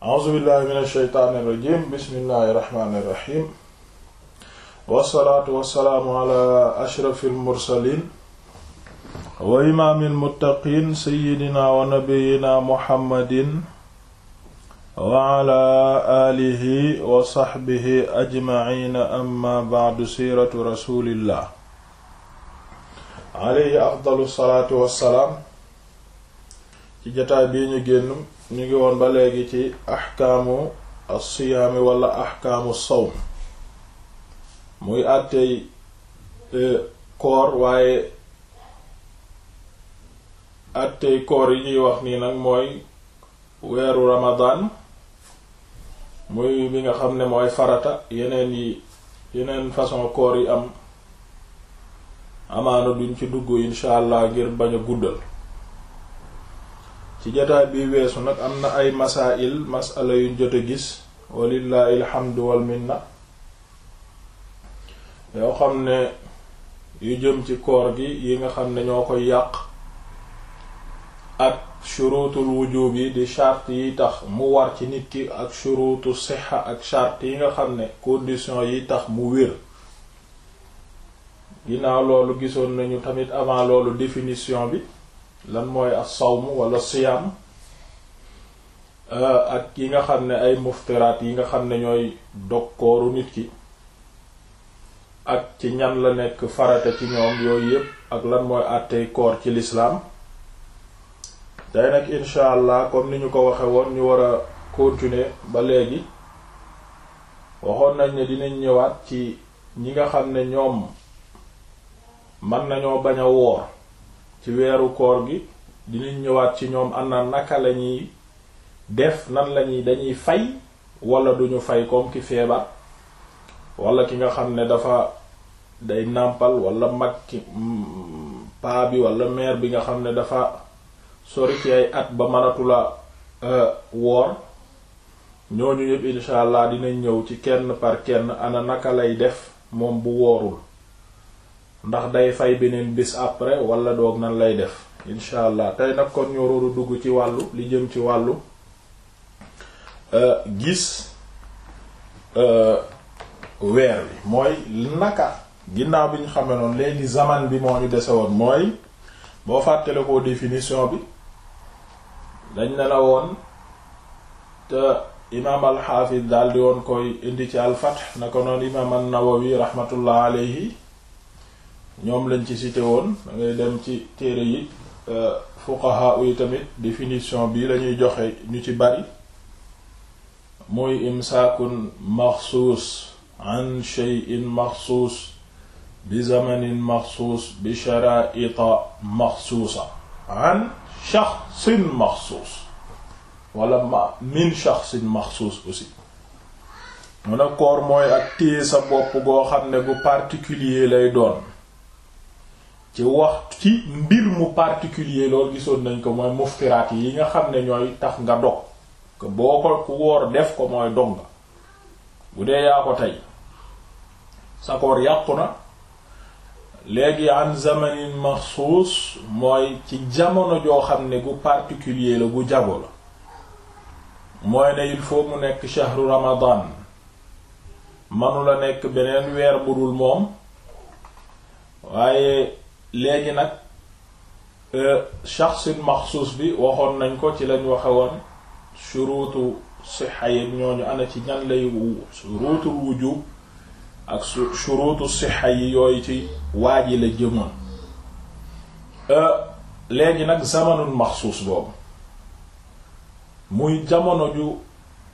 a'uuzu billahi min asheytaani irrajim bismillahi irrahmaani irrahim wassalaatu wassalaamu ala ashrafi almursalin wa imaami almuttaqiin seyidina wa nabiyina muhammadin wa ala alihi wa saxbihi ajmaciina amma bacdu siiratu rasulillah alayhi afdalu salaatu wassalaam ci jataay bii ñu génn ñu ngi woon ba léegi ci axkaamu as-siyaami wala axkaamu sawm muy àttey e, koor waaye àttey koor yi ñuy wax nii nag mooy weeru ramadaan muy bi nga xam ne mooy farata yeneen yi yeneen façon koor yi am amaana duñ ci dugg insha allah ngir bañ a guddal ci jotaay bi weesu nag am na ay masaa'il masala yu jot a gis walillahi alhamdu wal minna yoo xam ne yu jëm ci koor gi yi nga xam ne ñoo ko yàq ak shurutul wujub yi di charte yi tax mu war ci nit ki ak shurutu sixa ak charte yi nga xam ne condition yi tax mu wér ginnaaw loolu gisoon nañu tamit avant loolu définition bi lan mooy as-sawm wala siyaam euh, ak yi nga xam ne ay muftiraat yi nga xam ne ñooy dokkooru nit ki ak ci ñan la nekk farata ci ñoom yooyu yépp ak lan mooy àttey koor ci lislaam tey nag incha allah comme ni ñu ko waxe woon ñu war a continuer ba léegi waxoon nañ ne dinañ ñëwaat ci ñi nga xam ne ñoom mën nañoo bañ a woor ci weeru koor gi dinañ ñëwaat ci ñoom ana naka la ñuy def nan lañuy dañuy fay wala duñu fay comme feebar wala ki nga xam ne dafa day nàmpal wala mag ki mm, paa bi wala mère bi nga xam ne dafa sori at ba mënatula euh, woor ñooñu yëpp insha allah dinañ ñëw ci kenn par kenn ana naka lay def moom bu woorul ndax day fay beneen bis après wala doog nan lay def incha allah tey nag kon ñu waroon a dugg ci wàllu li jëm ci wàllu euh, gis euh, weer bi mooy naka ginnaaw bi ñu xamee noonu léegi zaman bi moo ñu dese woon mooy boo fàttale ko définition bi dañ ne la woon te imaam alxaafis daal di woon koy indi ci alfath na ko noonu imaam an-Nawawi rahmatullah alayhi ñoom lañ ci cité woon da ngay dem ci téere yi euh, fuqaha yi tamit définition bi lañuy joxe ñu ci bari muy imsaakun maxsuus an shay'in maxsuus bi zamanin maxsuus bi sharaita maxsuusa an shaxsin maxsuus wala ma min shaxsin maxsuus aussi mun a koor mooy ak téye sa bopp goo xam ne bu particulier lay doon ci waxtu ci mbir mu particulier loolu gisoon nañ ko mooy muftiraat yi nga xam ne ñooy tax nga dog que boo ko ku woor def ko mooy dog nga bu dee yaa ko tey sa yàqu na léegi an zamanin maxsuus mooy ci jamono joo xam ne gu particulier la gu jago la mooy ne il faut mu nekk shahru ramadan manu la nekk beneen weer budul moom waaye léegi nag euh, shaxsin maxsuus bi waxoon nañ ko ci lañ waxe woon shuruutu sixa yeeg ñooñu ana ci ñan lay shuruutul wujub ak shuruutu sixa yi yooyu ci waaj yi la jëmoon euh, léegi nag zamanul maxsuus boobu muy jamono ju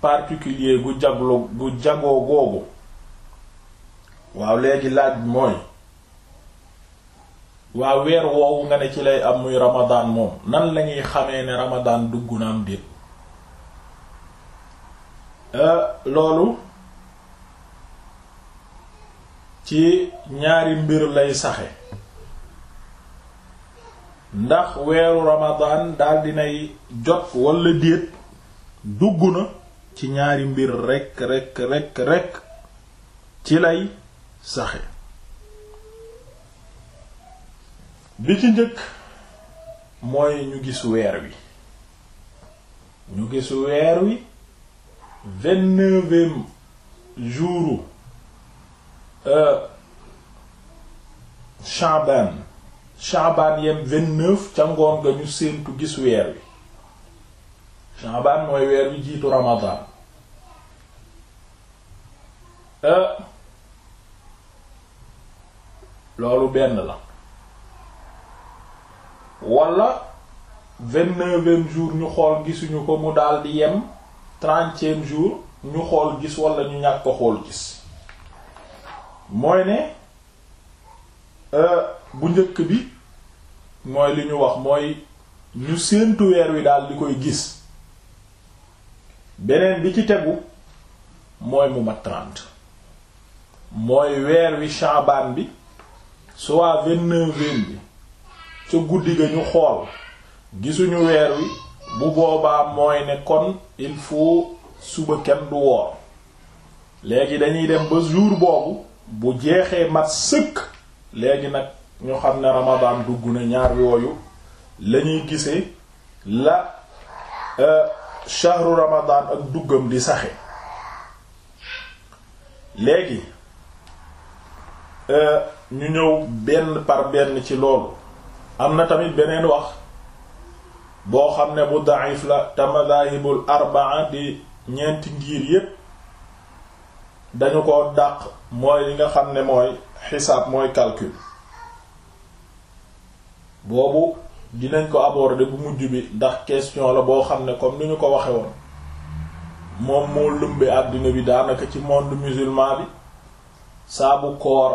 particulier gu jaglo gu jagoo googu waaw léegi laaj mooy waa weer woowu nga ne ci lay am muy ramadaan moom nan lañuy xamee ne ramadaan dugg na am déet euh, loolu ci ñaari mbir lay saxe ndax weeru ramadaan daldi dinay jot walla déet dugg na ci ñaari mbir rekk rekk rekk rekk ci lay saxe bi ci njëkk mooy ñu gis weer wi ñu gis weer wi vingt-neuvième jouru euh, Chaban yem ca ngoon nga ñu séentu gis weer wi Chaban mooy weer wi jiitu Ramadan euh, loolu benn la wala vingt-neuvième jour ñu xool gisuñu ko mu daal yem trentième jour ñu xool gis wala ñu ñàkk ko xool gis mooy ne euh, bu njëkk bi mooy li ñu wax mooy ñu séentu weer wi daal di koy gis beneen bi ci tegu mooy mu mat trente mooy weer wi Shaabaan bi soit vingt-neuvième bi ca guddi ga ñu xool gisuñu weer wi bu boobaa mooy ne kon il faut suba kenn du woor léegi dañuy dem ba jour boobu bu jeexee mat sëkk léegi nag ñu xam ne ramadan dugg na ñaar yooyu lañuy gisee la euh, shahru ramadan ak duggam di saxe léegi euh, ñu ñëw benn par benn ci loolu am na tamit beneen wax boo xam ne bu da'if la te madahibul di ñeenti ngir yépp dañu ko dàq mooy li nga xam ne mooy xisaab mooy calcul boobu dinañ ko aborder bu mujj bi ndax question la boo xam ne comme ni ñu ko waxe woon moom moo lumbe àddina bi daanaka ci monde musulman bi saabu koor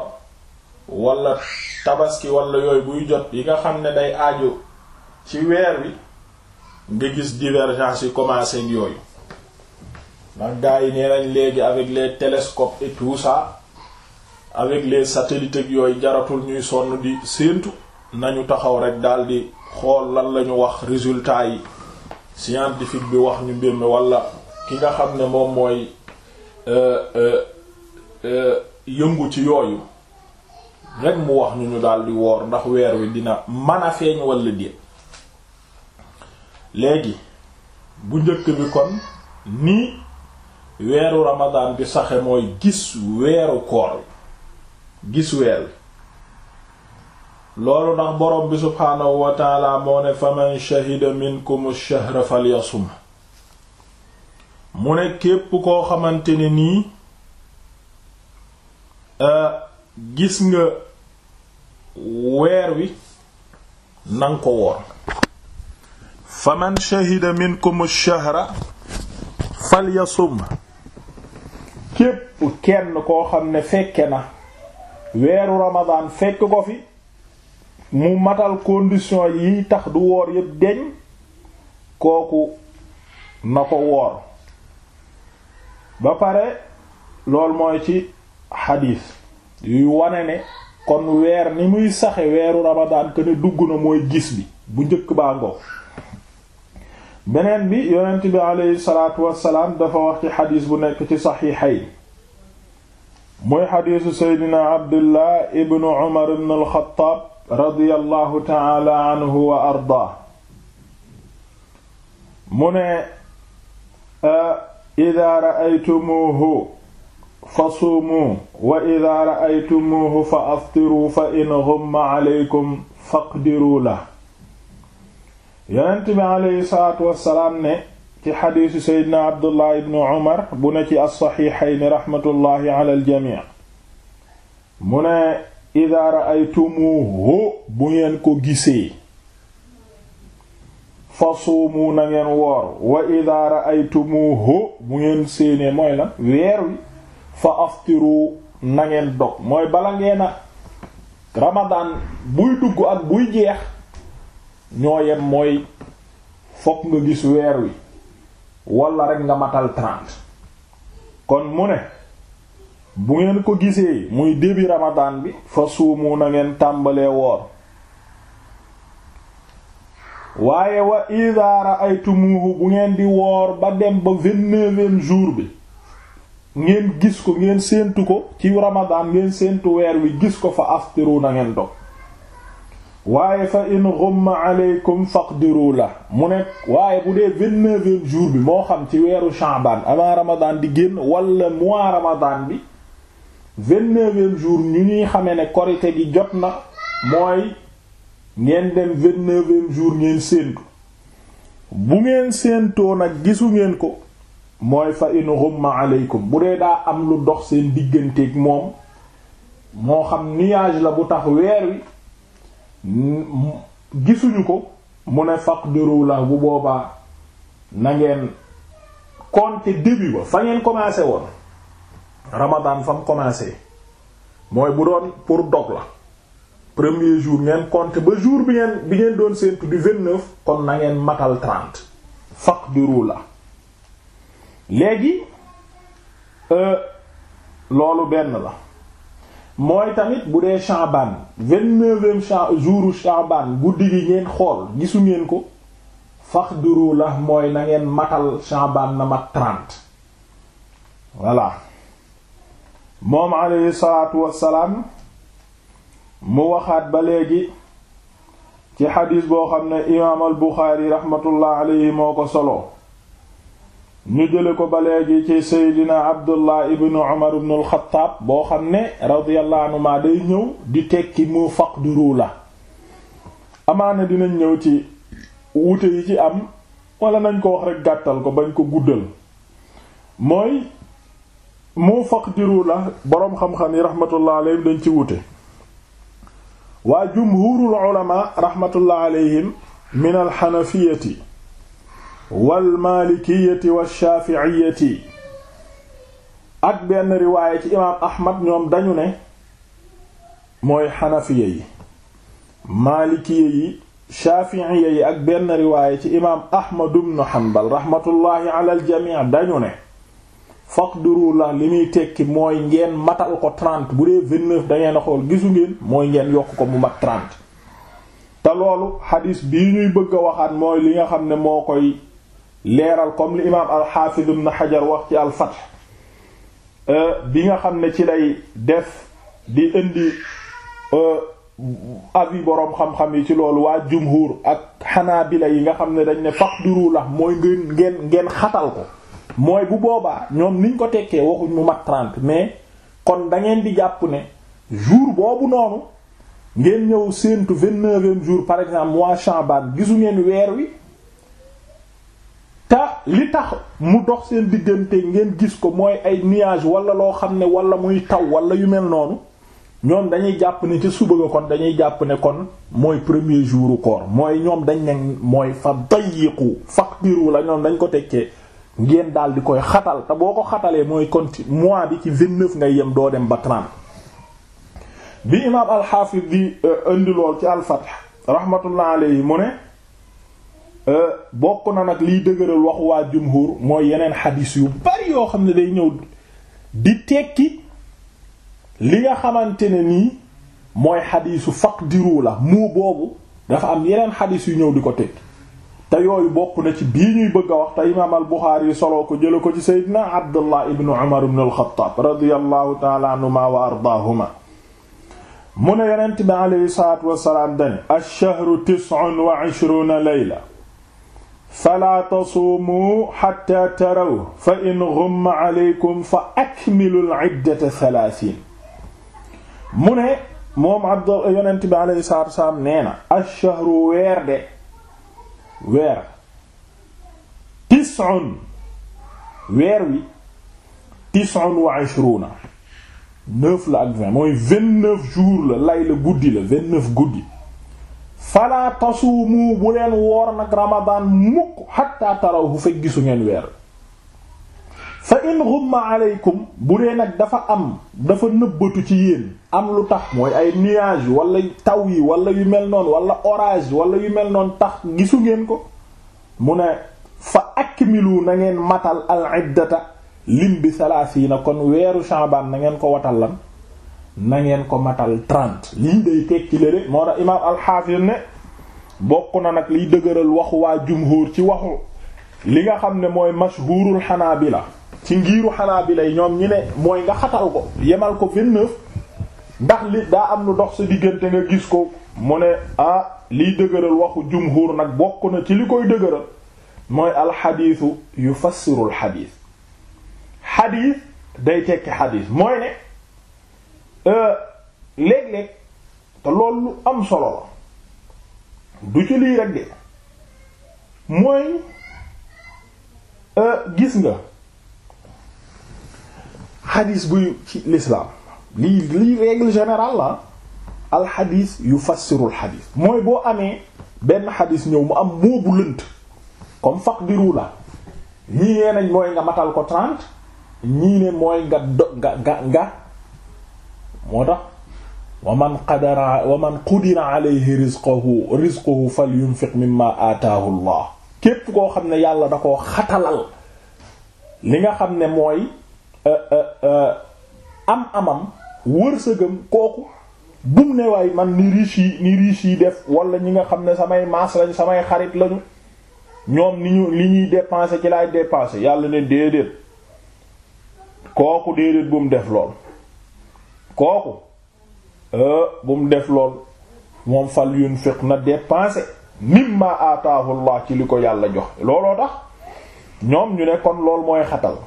wala tabaski walla yooyu buy jot yi nga xam ne day aajo ci weer wi nga gis divergence yi commencé yooyu ndax yi nee nañ léegi avec les télescopes et tout avec les satellites yooyu jaratul ñuy sonn di séentu nañu taxaw rek daldi xool lan lañu wax résultat yi scientifique bi wax ñu mbir mi wala ki nga xam ne moom mooy euh, euh, euh, yëngu ci yooyu rek mu wax ñu ñu daal woor ndax weer wi dina mën a feeñ walla déet léegi bu njëkk bi kon ni weeru ramadaan bi saxe mooy gis weeru koor gis weer loolu ndax borom bi subhaanahu moo ne faman shahida minkum ash-shahra mu ne képp koo xamante ne nii eh, gis nga weer wi nan ko woor faman shahida minkum shahra falyasum képp kenn koo xam ne fekke na weeru ramadan fekk ko fi mu matal condition yi tax du woor yépp deñ kooku na ko woor ba pare lool mooy ci xadiis yuy wane ne kon weer ni muy saxe weeru ramadaan que dugg na mooy gis bi bu njëkk baa ngoo beneen bi yonent bi aleyhi salaatu wassalaam dafa wax xadiis bu nekk ci saxiixay mooy xadiisu seydina abdullah ibnu umar ibn alxataab radiyallahu taala anhu wa ardaa mu idaa ra'aytumuuhu fasuumu wa idaa ra'aytumuuhu fa aftiru fa in ghumma aleykum faqdiru la yonent bi aleyhi salaatu wassalaam ne ci xadiisu seydina abdullah ibnu umar bu ne ci as-saxiixayni raxmatullaahi ala aljamic mu ne idaa ra'aytumuuhu bu ngeen ko gisee fasuumu na ngeen woor wa idaa ra'aytumuuhu bu ngeen séenee mooy lan weer wi fa aftiru na dog mooy bala ngeen a ramadaan buy dugg ak buy jeex ñoo yem mooy fokk nga gis weer wi walla rek nga matal trente kon mu ne bu ngeen ko gisee muy début ramadaan bi fa suumu na ngeen tàmbalee woor waaye wa idha ra'aytumuhu bu ngeen di woor ba dem ba vingt-neuvième jour bi ngeen gis ko ngeen séentu ko ci ramadaan ngeen séentu weer wi gis ko fa aftiru na ngeen dog waaye fa in ghumma aleykum faqdiru la mu ne waaye bu dee vingt-neuvième jour bi moo xam ci weeru sha'ban avant ramadan di génn wala mois ramadan bi vingt-neuvième jour ñu ñuy xamee ne korite gi jot na mooy ngeen dem vingt-neuvième jour ngeen séentu bu ngeen séentoo nag gisu ngeen ko mooy fa in ghumma aleykum bu dee daa am lu dox seen digganteeg moom moo xam nuage la bu tax weer wi gisuñu ko mu ne faqdiru la bu boobaa na ngeen compter début ba fa ngeen commencé woon ramadan fa mu commencé mooy bu doon pour dog la premier jour ngeen compter ba jour bi ngeen bi ngeen doon séentu di vingt-neuf kon na ngeen matal trente faqdiru la léegi euh, loolu benn la mooy tamit bu dee Shaaban vingt-neuvième jouru guddi gi ngeen xool gisu ngeen ko faxduru la mooy na ngeen matal Shaaban na mat trente voilà moom alayhi salaatu wassalaam mu waxaat ba léegi ci xadiis boo xam ne imaam al Buxaari raxmatullah alayhi moo ko solo ñu jële ko ba léegi ci seydina abdullah ibnu umar ibnu alxataab boo xam ne radiyallahu anhuma day ñëw di tekki mu di faqduru la amaana dinañ ñëw ci wuute yi ci am wala nañ ko wax rekk gàttal ko bañ ko guddal mooy mu faqduru la boroom xam-xam yi rahmatullah alayhim dañ ci wuute waa jumhurul ulama rahmatullah alayhim min alxanafiyati wal maalikiyati wa shaafi'iyati ak benn riwaaya ci imaam Ahmad ñoom dañu ne mooy xanafiya yi maalikiya yi shaafi'iya yi ak benn riwaaya ci imaam Ahmad ibn Hanbal raxmatullaahi alal jamii dañu ne faqduru la li muy tekki mooy ngeen matal ko trent bu dee vingt-neuf dangeen a xool gisu ngeen mooy ngeen yokk ko mu mat trent te loolu xadiis bi ñuy bëgg a waxaat mooy li nga xam ne moo koy leeral comme li imaam alxaafid na xajar wax ci alfath euh, bi nga xam ne ci lay def di indi euh, avis boroom xam-xam yi ci loolu waa jumhur ak xanaa xanaabila yi nga xam ne dañ ne duru la mooy ngeen ngeen xatal ko mooy bu boobaa ñoom niñ ko tekkee waxuñ mu mat trent mais kon dangeen di jàpp ne jour boobu noonu ngeen ñëw séentu vingt-neuvième jour par exemple mois Chaban gisu ngeen weer wi te li tax mu dox seen diggante ngeen gis ko mooy ay nuage wala loo xam ne wala muy taw wala yu mel noonu ñoom dañuy jàpp ni ci suba ga kon dañuy jàpp ne kon mooy premier jour koor mooy ñoom dañ mooy fa dayiqu faqdiru la ñoom dañ ko tekkee ngeen daal di koy xatal te boo ko xatalee mooy kon ci mois bi ci vingt-neuf ngay yem doo dem ba trente bi imaam alxaafis di euh, indi lool ci alfath rahmatullah yi mu ne Euh, bokk na nag liy dëgëral waxu waa jumhur mooy yeneen xadis yu bari yoo xam ne day ñëw di tekki li nga xamante ne nii mooy xadisu faqdiru la mu boobu dafa am yeneen xadis yu ñëw di ko tekki te yooyu bokk na ci bii ñuy bëgg a wax te imaam al Buxaari soloo ko jële ko ci seydina Abdullah ibnu Umar ibnu al-Xattaab radiyallahu taala anhuma wa ardaahuma mu ne yonent bi aleyhi salaatu wassalaam dane ash-shahru tis'un wa ishruuna fala tasuumu xatta taraw fa in ghumma aleykum fa akmilu al-iddata thalaathin mu ne moom abd yonent bi aleyhi salaatu wasalaam nee na ash-shahru weer de weer tis'un weer wi tis'un wa ishruna neuf la ak vingt mooy vingt-neuf jours la lay la guddi la vingt-neuf guddi fala tasuumu bu leen woor nag ramadaan mukk xatta tarawhu fekk gisu ngeen weer fa in ghumma aleykum bu dee nag dafa am dafa nëbbatu ci yéen am lu tax mooy ay nuage walla taw yi wala yu mel noon wala orage wala yu mel noon tax gisu ngeen ko mu ne fa akmilu na ngeen matal al iddata lim bi salaasiina kon weeru shaabaan na ngeen ko watal lan na ngeen ko matal trente lii day tekki lële moo tax imaam alxaafir ne bokk na nag liy dëgëral waxu waa jumhur ci waxu li nga xam ne mooy mashhurul xanaabila ci ngiiru xanaa bi lay ñoom ñi ne mooy nga xatal ko yemal ko vingt ndax li daa am lu dox sa diggante nga gis ko mu ne ah liy dëgëral waxu jumhur nag bokk na ci li koy dëgëral mooy alxadiisu yufassirul xadiis xadiis day tekki xadiis mooy ne Euh, léeg-léeg te loolu lu am solo la du ci lii rek de mooy euh, gis nga xadis buy ci l'islam lii lii règle générale la alxadis yu fassirul xadis mooy boo amee benn xadis ñëw mu am moobu lënt comme faqdiru la ñii nee nañ mooy nga matal ko trente ñii ne mooy nga nga nga moo tax wa man qadara wa man qudira alayhi rizquhu rizquhu falyunfiq mimma ataahu Allah képp koo xam ne yàlla da koo xatalal li nga xam ne mooy euh, euh, euh, am amam wërsëgam kooku bum ne waay man ni riche yi ni riche yi def wala ñi nga xam ne samay maas lañ samay xarit lañu ñoom ni li ñuy dépenser ci laay dépenser yàlla ne déedéet kooku déedéet mu def lool kooku euh, bu mu def lool moom fal yunfiq na dépenser mimma ataahu Allah ci li ko yàlla jox looloo tax ñoom ñu ne kon lool mooy xatal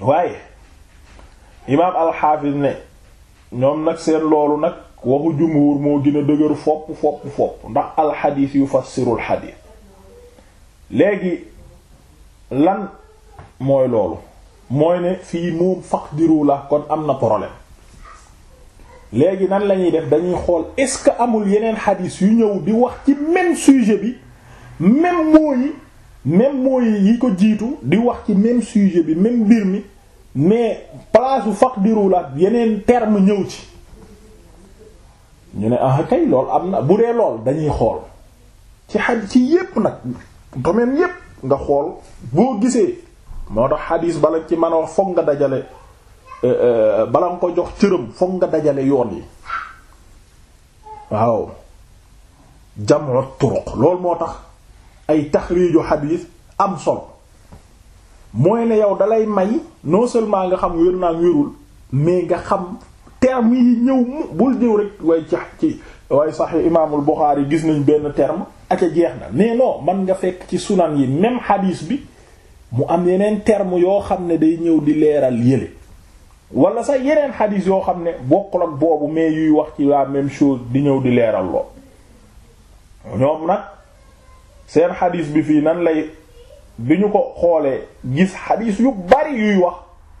waaye imaam alxaafis ne ñoom nag seen loolu nag waxu jumhur moo gën a dëgër fopp fopp fopp ndax alxadiis yu fassirul xadiis léegi lan mooy loolu mooy ne fii moom faqdiru la kon am na problème léegi nan la ñuy def dañuy xool est-ce que amul yeneen xadiis yu ñëw di wax ci même sujet bi même moo yi même moo yi ko jiitu di wax ci même sujet bi même mbir mi mais place u faqdiru la yeneen terme ñëw ci ñu ne ah kay lool am na bu dee lool dañuy xool ci xaj ci yépp nag domaine yépp nga xool boo gisee moo tax xadiis bala ci mën a wax fokk nga dajale Euh, euh, bala nga ko jox cëram fokk nga dajale yoon yi waaw jam'u turuq lool moo tax ay taxriiju xadiis am sol mooy ne yow dalay may noo seulement nga xam wér naa wérul mais nga xam terme yi ñëw mu bul ñëw rek way ci ci waaye saxi imaamul Buxaari gis nañ benn terme ak a jeex na mais non man nga fekk ci sunan yi même xadiis bi mu am yeneen terme yoo xam ne day ñëw di leeral yële wala sax yeneen xadiis yoo xam ne bokkul ak boobu mais yuy wax ci la même chose di ñëw di leeral lool ñoom nag seen xadiis bi fii nan lay bi ñu ko xoolee gis xadiis yu bari yuy wax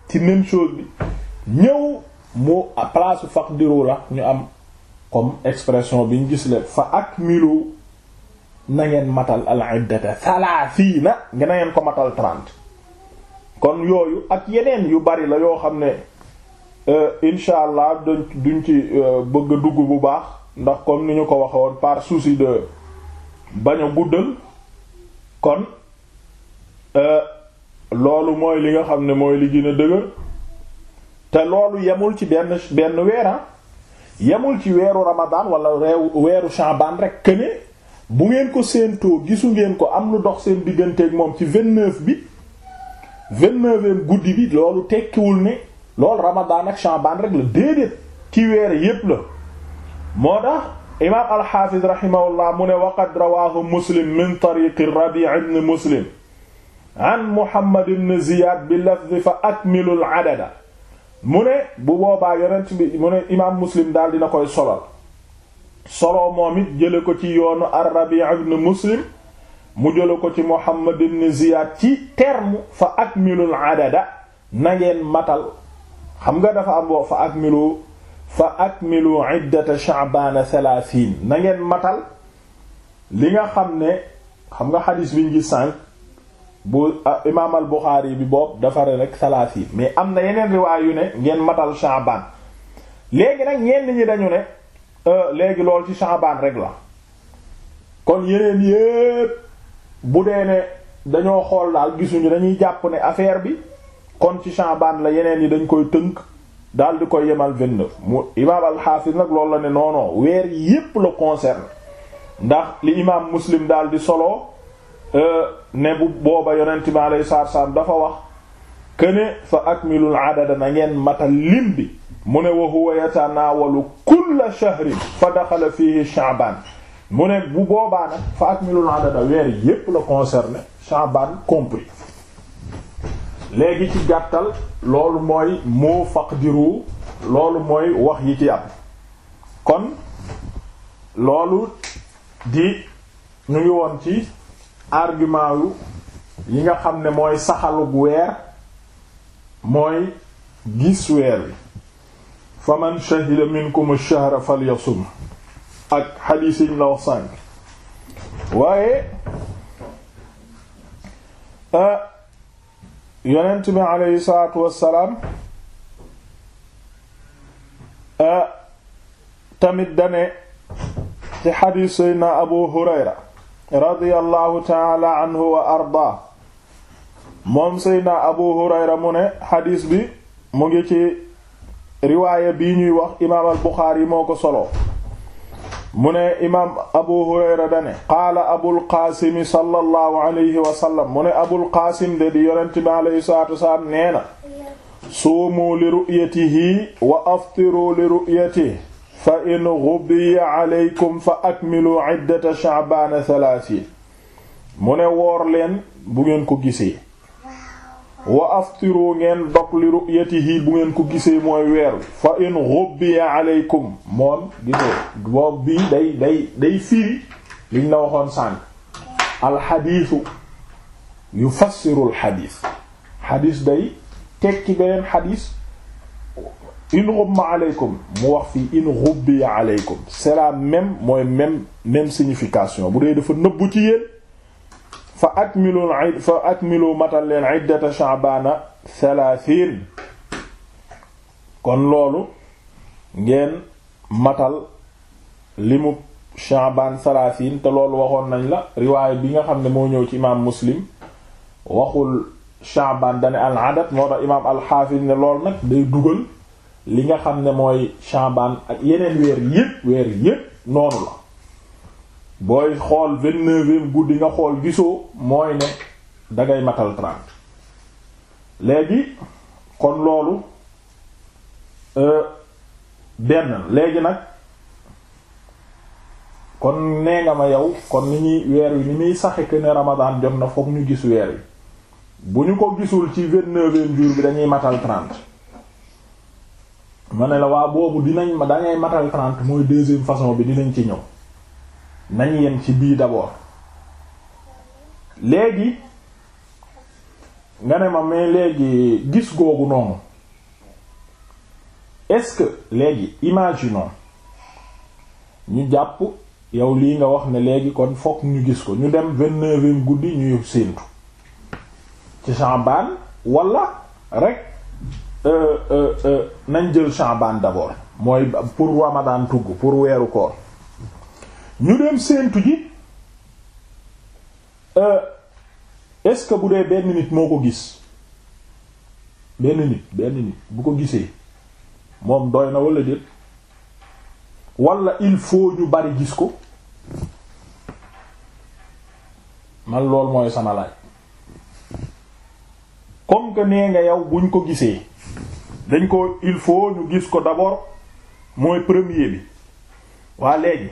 ci même chose bi ñëw mu place faqdiru la ñu am comme expression bi ñu gis leen fa akmilu na ngeen matal al iddata thalathina nga na ngeen ko matal trente kon yooyu ak yeneen yu bari la yoo xam ne Euh, incha allah duñ duñ ci euh, bëgg a dugg bu baax ndax comme ni ñu ko waxe woon par souci de bañ a guddal kon euh, loolu mooy li nga xam ne mooy li gën a dëgër te loolu yemul ci benn benn weera ah, yemul ci weeru ramadan wala reew weeru chamban rek këne bu ngeen ko séentoo gisu ngeen ko am lu dox seen digganteeg moom ci vingt-neuf bi vingt-neuvième guddi bi loolu tekkiwul ne loolu Ramadan ak Sha'ban rek la déedéet ci weer yépp la moo imaam al-Hafiz rahimahullah mu waqad rawahu Muslim min tariqi Rabi' ibn Muslim an Muhammad ibn Ziyad bi fa akmilu al-adada mu bu boobaa yonent bi mu ne Muslim koy solal solo moom it ko ci yoonu ar-Rabi' ibn mu jële ko ci Muhammad ibn Ziyad ci terme fa akmilu al-adada na ngeen matal xam nga dafa am fa akmilu fa akmilu iddata sha'bana thalathin na ngeen matal li nga xam ne xam nga xadis bi gis sànq bu ah, imaam al Buxaari bi boobu dafa rek thalathin mais am na yeneen riwaay yu ne ngeen matal sha'ban léegi nag ñenn ñi dañu ne euh, léegi lool ci sha'ban rek la kon yeneen yépp bu dee ne dañoo xool daal gisuñu dañuy jàpp ne affaire bi. kon ci Sha'ban la yeneen yi dañ koy tënk daal di koy yemal vingt-neuf mu imaam alxaafis nag loolu la ne non non weer yépp la concerne ndax li imaam Muslim daal di solo euh, ne bu booba yonent bi alayhi salaatu salaam dafa wax këne fa akmilul adada na ngeen matal lim bi mu ne wa huwa yatanaawalu kulla shahrin fa daxala fihi Sha'ban mu ne bu boobaa nag fa akmilul adada weer yépp la concerne Sha'ban compris léegi ci gàttal loolu mooy moo faqdiru loolu mooy wax yi ci am kon loolu di ñu ngi woon ci argument yu yi nga xam ne mooy saxalug weer mooy gis weer wi faman shahida minkum ash-shahra falyasum ak xadiis yiñ la wax sànk waaye euh, yonent bi aleyhi salaatu wassalaam tamit dane ci xadiis seydna abu hurayra radiyallahu taala anhu wa arda moom seydna abu hurayra mu xadiis bi mu ngi ci riwaaya bii ñuy wax imaam al buxaari moo ko solo mu ne imaam abu hurayra dane qaala abulqaasimi sallallahu alayhi wa sallam mu ne abulqaasim de di yonent bi alayhi salaatu wasalaam nee na suumu li ru'yatihi wa aftiru li ru'yatihi fa in ghubiya alaykum fa akmilu iddata sha'baana thalaathiin mu ne woor leen bu ngeen ko gisee wa aftiru ngeen dog li ru'yatihi bu ngeen ko gisee mooy weer wi fa in ghubbiya aleykum moom gisee boobu bii day day day firi li la waxoon sànk alxadiisu yufassiru alxadiis xadiis day tekki beneen xadiis in ghumma aleykum mu wax fii in ghubbiya aleykum c'est la même mooy même signification bu dee dafa nëbbu ci yéen fa akmilu fa matal leen iddata sha'bana thalathin kon loolu ngeen matal limu sha'ban thalathin te loolu waxoon nañ la riwaay bi nga xam ne moo ñëw ci imaam muslim waxul sha'ban dane al adad moo tax imaam alxaafis ne loolu nag day dugal li nga xam ne mooy sha'ban ak yeneen weer yépp weer yépp noonu la booy xool vingt-neuvième guddi nga xool gisoo mooy ne dangay matal trente léegi kon loolu euh, benn léegi nag kon nee nga ma yow kon ni ñuy weer wi ni muy saxe que ne Ramadan jot na fokk ñu gis weer wi bu ñu ko gisul ci vingt-neuvième jour bi dañuy matal trent ma ne la waa boobu dinañ ma dangay matal trente mooy deuxième façon bi dinañ ci ñëw nañ yem ci bii d'abord léegi nga ne ma mais léegi gis googu noonu est-ce que léegi imaginons ñu jàpp yow lii nga wax ne léegi kon fokk ñu gis ko ñu dem vingt-neuvième guddi ñuy séentu ci Sha'ban wala rek euh, euh, euh, nañ jël Sha'ban d'abord mooy pour Ramadan tugg pour weeru koor ñu dem séentu ji euh, est-ce que bu dee benn nit moo ko gis benn nit benn nit bu ko gisee moom doy na wala déet wala il faut ñu bari gis ko man lool mooy sama laaj comme que nee nga yow buñ ko gisee dañ ko il faut ñu gis ko d'abord mooy premier bi waa léegi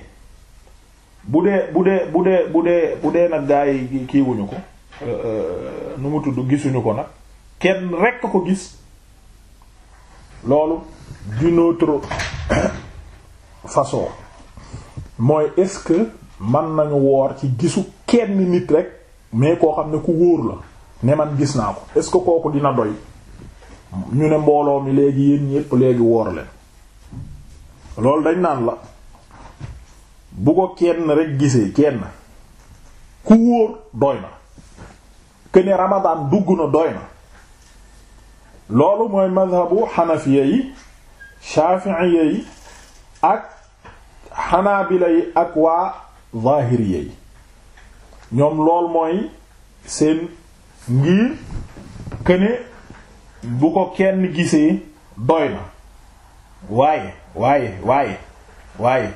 bu dee bu dee bu dee bu dee bu dee nag gaa yi kiiwuñu ko euh, euh, nu mu tudd gisuñu ko nag kenn rekk ko gis loolu d'une autre façon mooy est-ce que mën nañu woor ci gisu kenn nit rek mais koo xam ne ku wóor la ne man gis naa ko est-ce que kooku dina doy ñu ne mbooloo mi léegi yéen ñépp léegi woor leen loolu dañ naan la bu ko kenn rek gisee kenn ku wóor doy na que ne Ramadan dugg na doy na loolu mooy madhabu xanafiya yi shaafiiya yi ak xanaabila yi ak waa zahiriya yi ñoom lool mooy seen ngir këne bu ko kenn gisee doy na waaye waaye waaye waaye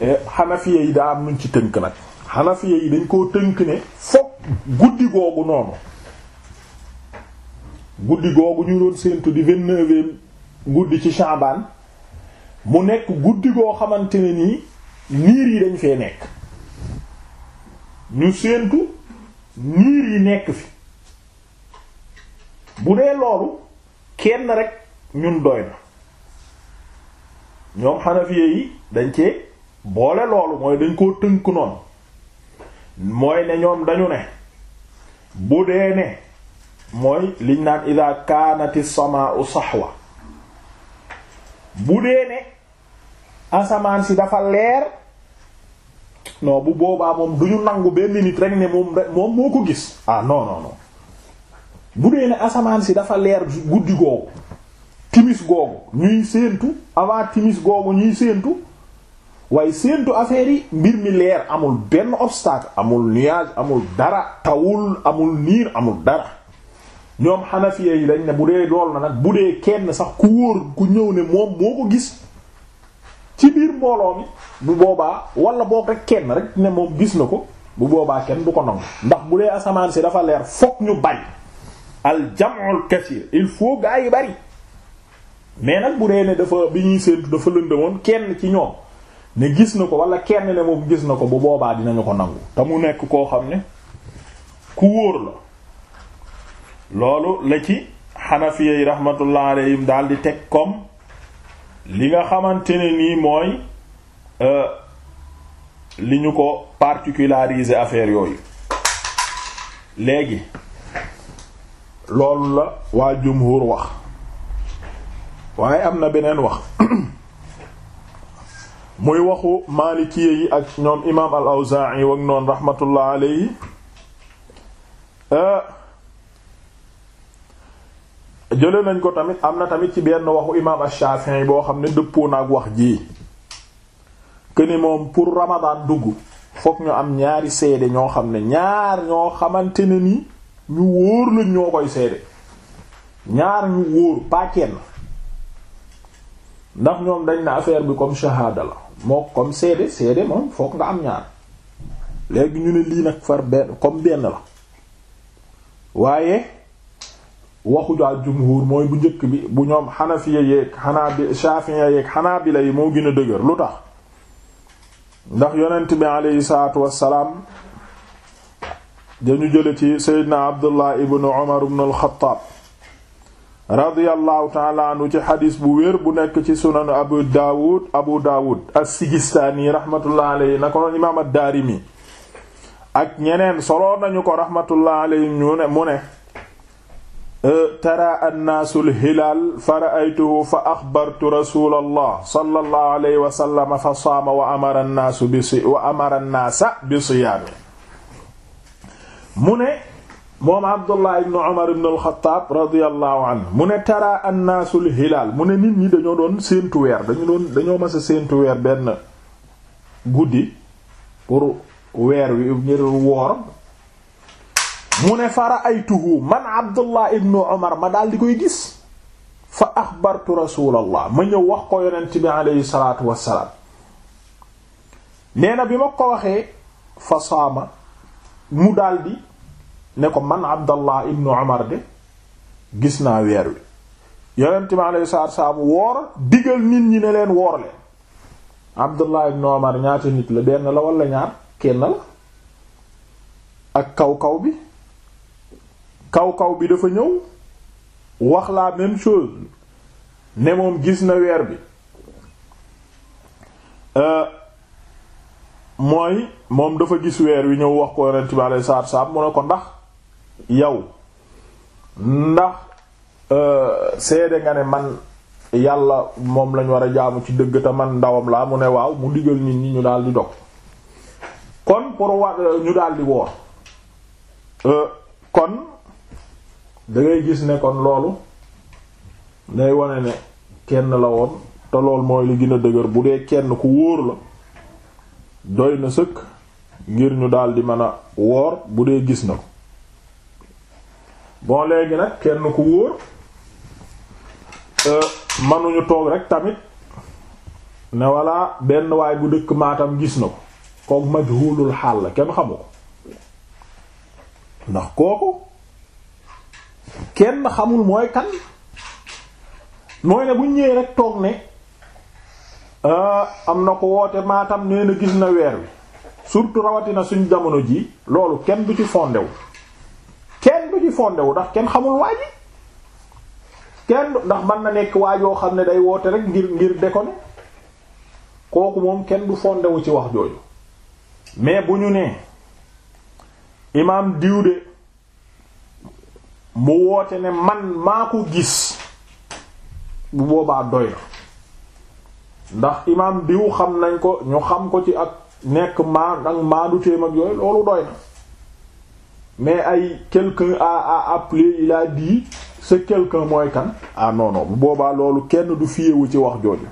xanafiya eh, yi daa am nuñ ci tënk nag xanafiya yi dañ koo tënk ne fokk guddi googu noonu guddi googu ñu doon séentu di vingt-neuvième guddi ci Shaaban mu nekk guddi goo xamante ne nii niir yi dañ fee nekk ñu séentu niir yi nekk fi bu dee loolu kenn rek ñun doy na ñoom xanafiya yi dañ cee boole loolu mooy dañ koo tënk noonu mooy ne ñoom dañu ne bu dee ne mooy liñ naan ida kaanati samaa'u wa bu dee ne asamaan si dafa leer non bu boobaa moom duñu nangu benn nit rek ne moom rek moom moo ko gis ah non non bu dee ne asamaan si dafa leer guddi googu timis googu ñuy séentu avant timis googu ñuy séentu waaye séentu affaire yi mbir mi leer amul benn obstacle amul nuage amul dara tawul amul niir amul dara ñoom xanafiya yi dañ ne bu dee lool na nag bu dee kenn sax ku wóor ku ñëw ne moom moo ko gis ci biir mbooloo mi bu boobaa wala boog rek kenn rek ne moom gis na ko bu boobaa kenn du ko nangu ndax bu dee asamaan si dafa leer fokk ñu bari al jam'ul kathir il faut gaa yi bari mais nag bu dee ne dafa bi ñuy séentu dafa lëndëmoon kenn ci ñoom ne gis na ko wala kenn ne moom gis na ko bu boobaa dinañu ko nangu te mu nekk koo xam ne ku wóor la loolu la ci xanafiya yi rahmatullah alayhim daal di teg comme li nga xamante ne nii mooy euh, li ñu ko particulariser affaire yooyu léegi loolu la waa jumhur wax waaye am na beneen wax muy waxu maalikiye yi ak ñoom imaam al awzaa'i wak noon rahmatullah alayhi jële nañ ko tamit am na tamit ci benn waxu imaam ash-shafi'i boo xam ne dëppoo na ak wax ji que moom pour ramadan dugg fokk ñu am ñaari seede ñoo xam ne ñaar ñoo xamante ne ni ñu wóor lañ ñoo koy seede ñaar ñu wóor pas kenn ndax ñoom dañ na affaire bi comme shahada la moo comme seede seede moom foog nga am ñaar léegi ñu ne lii nag far benn comme benn la waaye waxu daal jumhur mooy bu njëkk bi bu ñoom xanafiya yeeg xanaa bi shafiya yeeg xanaa bi lay moo gën a dëgër lu tax ndax yonent bi aleyhi salaatu wassalaam dañu jële ci seydina abdullah ibnu umar ibnu alxataab radiyallahu taala anhu ci xadis bu wér bu nekk ci sunanu abu daawud abu daawud as-sijistaani rahmatullah alayhi na ko noon imaam ad-daarimi ak ñeneen soloon nañu ko rahmatullah alayhi ñu ne mu ne e, tara annaasu lhilaal fa ra'aytuhu fa axbartu rasul allah sallallahu alayhi wa sallam fa saama wa amara annaasu bi wa amara annaasa bi siyaami mu ne moom Abdullah ibn Umar ibn al-Khattab anhu mu ne tara annaasu hilaal mu ne nit ñi dañoo doon séentu weer dañu doon dañoo mës a séentu weer benn guddi pour weer wi ngir woor mu ne fara aytuhu man Abdullah ibn Umar ma daal di koy gis fa axbartu rasulallah ma ñëw wax ko yonent bi aleyhi salaatu wassalaam nee na bi ma ko waxee fa saama mu daldi ne ko man abdallah ibnu omar de gis naa weer wi yonent mi alayhi salaatu wasalaam woor digal nit ñi ne leen woor leen abdallah ibnu omar ñaata nit la benn la walla ñaar kenn la ak kaw kaw bi kaw kaw bi dafa ñëw wax la même ne moom gis na weer bi euh, mooy moom dafa gis weer wi ñëw wax ko yonent bi alayhi salaatu mu ne ko ndax yow ndax euh, seede nga ne man yàlla moom lañ war a jaamu ci dëgg te man ndawam laa mu ne waaw mu digal nit ñi ñu daal di dog kon pour wa ñu daal woor euh, kon dangay gis ne kon loolu day wane ne kenn la woon te lool mooy li gën a dëgër bu dee kenn ku wóor la doy na sëkk ngir ñu daal di mën a woor bu dee gis na ko bon léegi nag kenn ku wóor euh, manuñu toog rek tamit ne walla benn waay bu dëkk maatam gis na ko kook majhulul xaal la kenn xamu ko ndax kooku kenn xamul mooy kan mooy ne bu ñëwee rek toog ne euh, am na ko woote maatam nee na gis na weer wi surtout rawatina suñu jamono ji loolu kenn du ci fondew di fondé wu ndax kenn xamul waa ji kenn ndax mën na nekk waa joo xam ne day woote rek ngir ngir déconner kooku moom kenn du fondé wu ci wax jooju mais bu ñu nee imaam diw de mu woote ne man maa ko gis bu boobaa doy na ndax imaam diw xam nañ ko ñu xam ko ci ak nekk maa ak maadu téem ak yooyu loolu doy na mais ay quelqu'un a a appelé il a dit ce mooy kan ah non bu boobaa loolu kenn du fiyewu ci wax jooju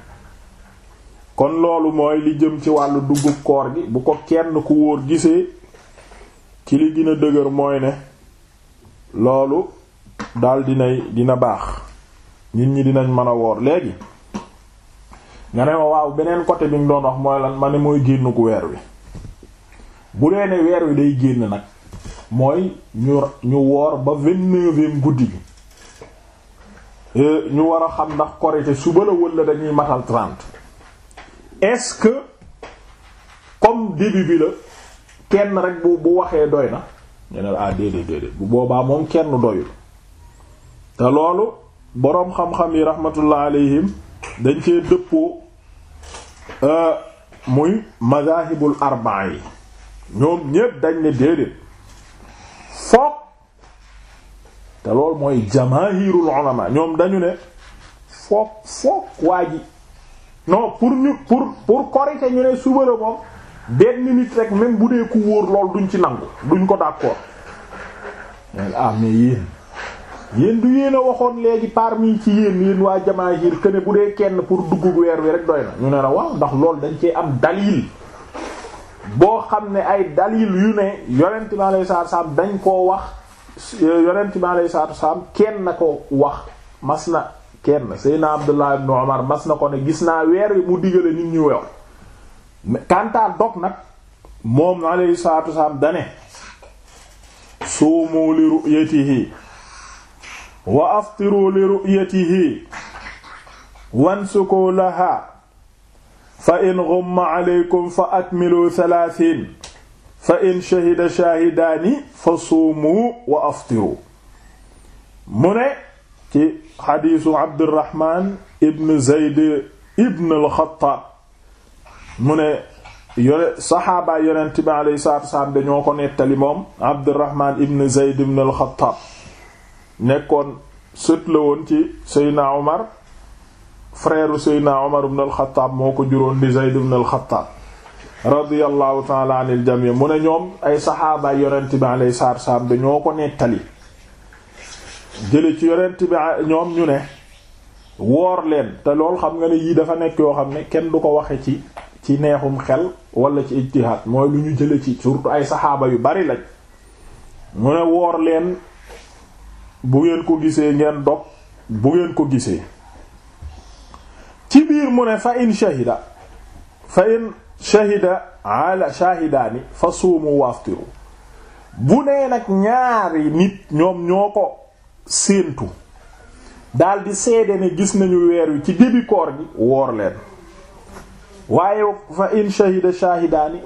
kon loolu mooy li jëm ci wàllu dugub koor gi bu ko kenn ku wóor gisee ci li gën dëgër mooy ne loolu daal dinay dina baax nit ñi dinañ mën a woor léegi nga ne waaw beneen côté bi nga doon wax mooy lan ma ne mooy génn ku weer wi bu dee ne weer wi day génn nag mooy ñu ñu woor ba vingt-neuvième guddi gi euh, ñu war a xam ndax korite suba la walla dañuy matal trente est-ce que comme début bi la kenn rek bu bu waxee doy na ñeneen ne ah déedéet déedéet bu boobaa moom kenn doyul te loolu boroom xam-xam yi rahmatullah alayhim dañ cee dëppoo euh, muy mazahibul arba'a yi ñoom ñépp dañ ne déedéet foog te loolu mooy jamaahirul ulama ñoom dañu ne foog foog waa ji no pour ñu pour pour korite ñu ne suba la moom benn nit rek même bu dee ku wóor lool duñ ci nangu duñ ko d'accord ah mais yéen yéen du yéen a waxoon léegi parmi ci yéen yéen waa jamaahir que ne bu dee kenn pour dugg weer wi rek doy na ñu ne la waaw ndax loolu dañ cee am dalil boo xam ne ay dalil yu ne yonent bi alayhi salaatu salaam dañ koo wax yonent bi alayhi salaatu salaam kenn na ko wax mas na kenn Seydina Abdullah ibn Umar mas na ko ne gis naa weer wi mu digale nit ñu wew kantaa dog nag moom alayhi salaatu salaam dane suumu li ru'yatihi wa aftiru li ru'yatihi wansuku laha fa in ghumma aleykum fa akmilu thalathin fa in shahida shahidaani fa suumu wa aftiru mu ne ci xadiisu abdirahman ibn zayd ibn alxataab mu ne yore saxaabaa yonent bi aleyhi salaatu wasalaam dañoo ko nettali moom abdirahman ibn zayd ibn alxataab nekkoon sët la woon ci seydna omar frère Seydina Omar ibn al-Khattab moo ko juróon di Zayd ibn al-Khattab radiyallahu ta'ala anil mu ne ñoom ay saxaabaay yonent bi saar salaatu wassalaam dañoo ko nettali jële ci yonent bi ñoom ñu ne woor leen te lool xam nga ne yii dafa nekk yoo xam ne kenn du ko waxe ci ci neexum xel wala ci ijtihaad mooy lu ñu jële ci surtout ay saxaaba yu bari lañ mu ne woor leen bu ngeen ko gisee ngeen dog bu ngeen ko gisee ci biir mu ne fa in shahida fa in shahida ala shahidaani fa suumu waftiru bu nee nag ñaari nit ñoom ñoo ko séentu daldi di seede ne gis nañu weer wi ci début koor gi woor leen waaye fa in shahida shahidaani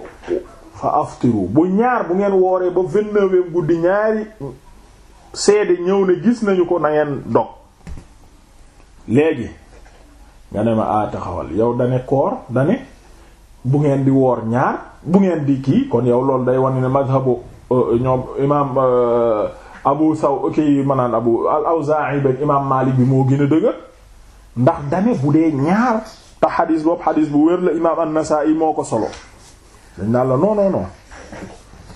fa aftiru bu ñaar bu ngeen wooree ba vingt-neuvième guddi ñaari seede ñëw ne gis nañu ko nangeen ngeen dog léegi nga ne ma a ah, taxawal yow dane koor dane bu ngeen di woor ñaar bu ngeen di kii kon yow loolu day wan ne mazhabu euh, ñoom imaam euh, abu saw kii manaan abu al awza'i imaam maalik bi moo gën a dëgër ndax dane bu dee ñaar te xadis boobu xadis bu wér la imaam an-nasa'i moo ko solo dañ naan la non non non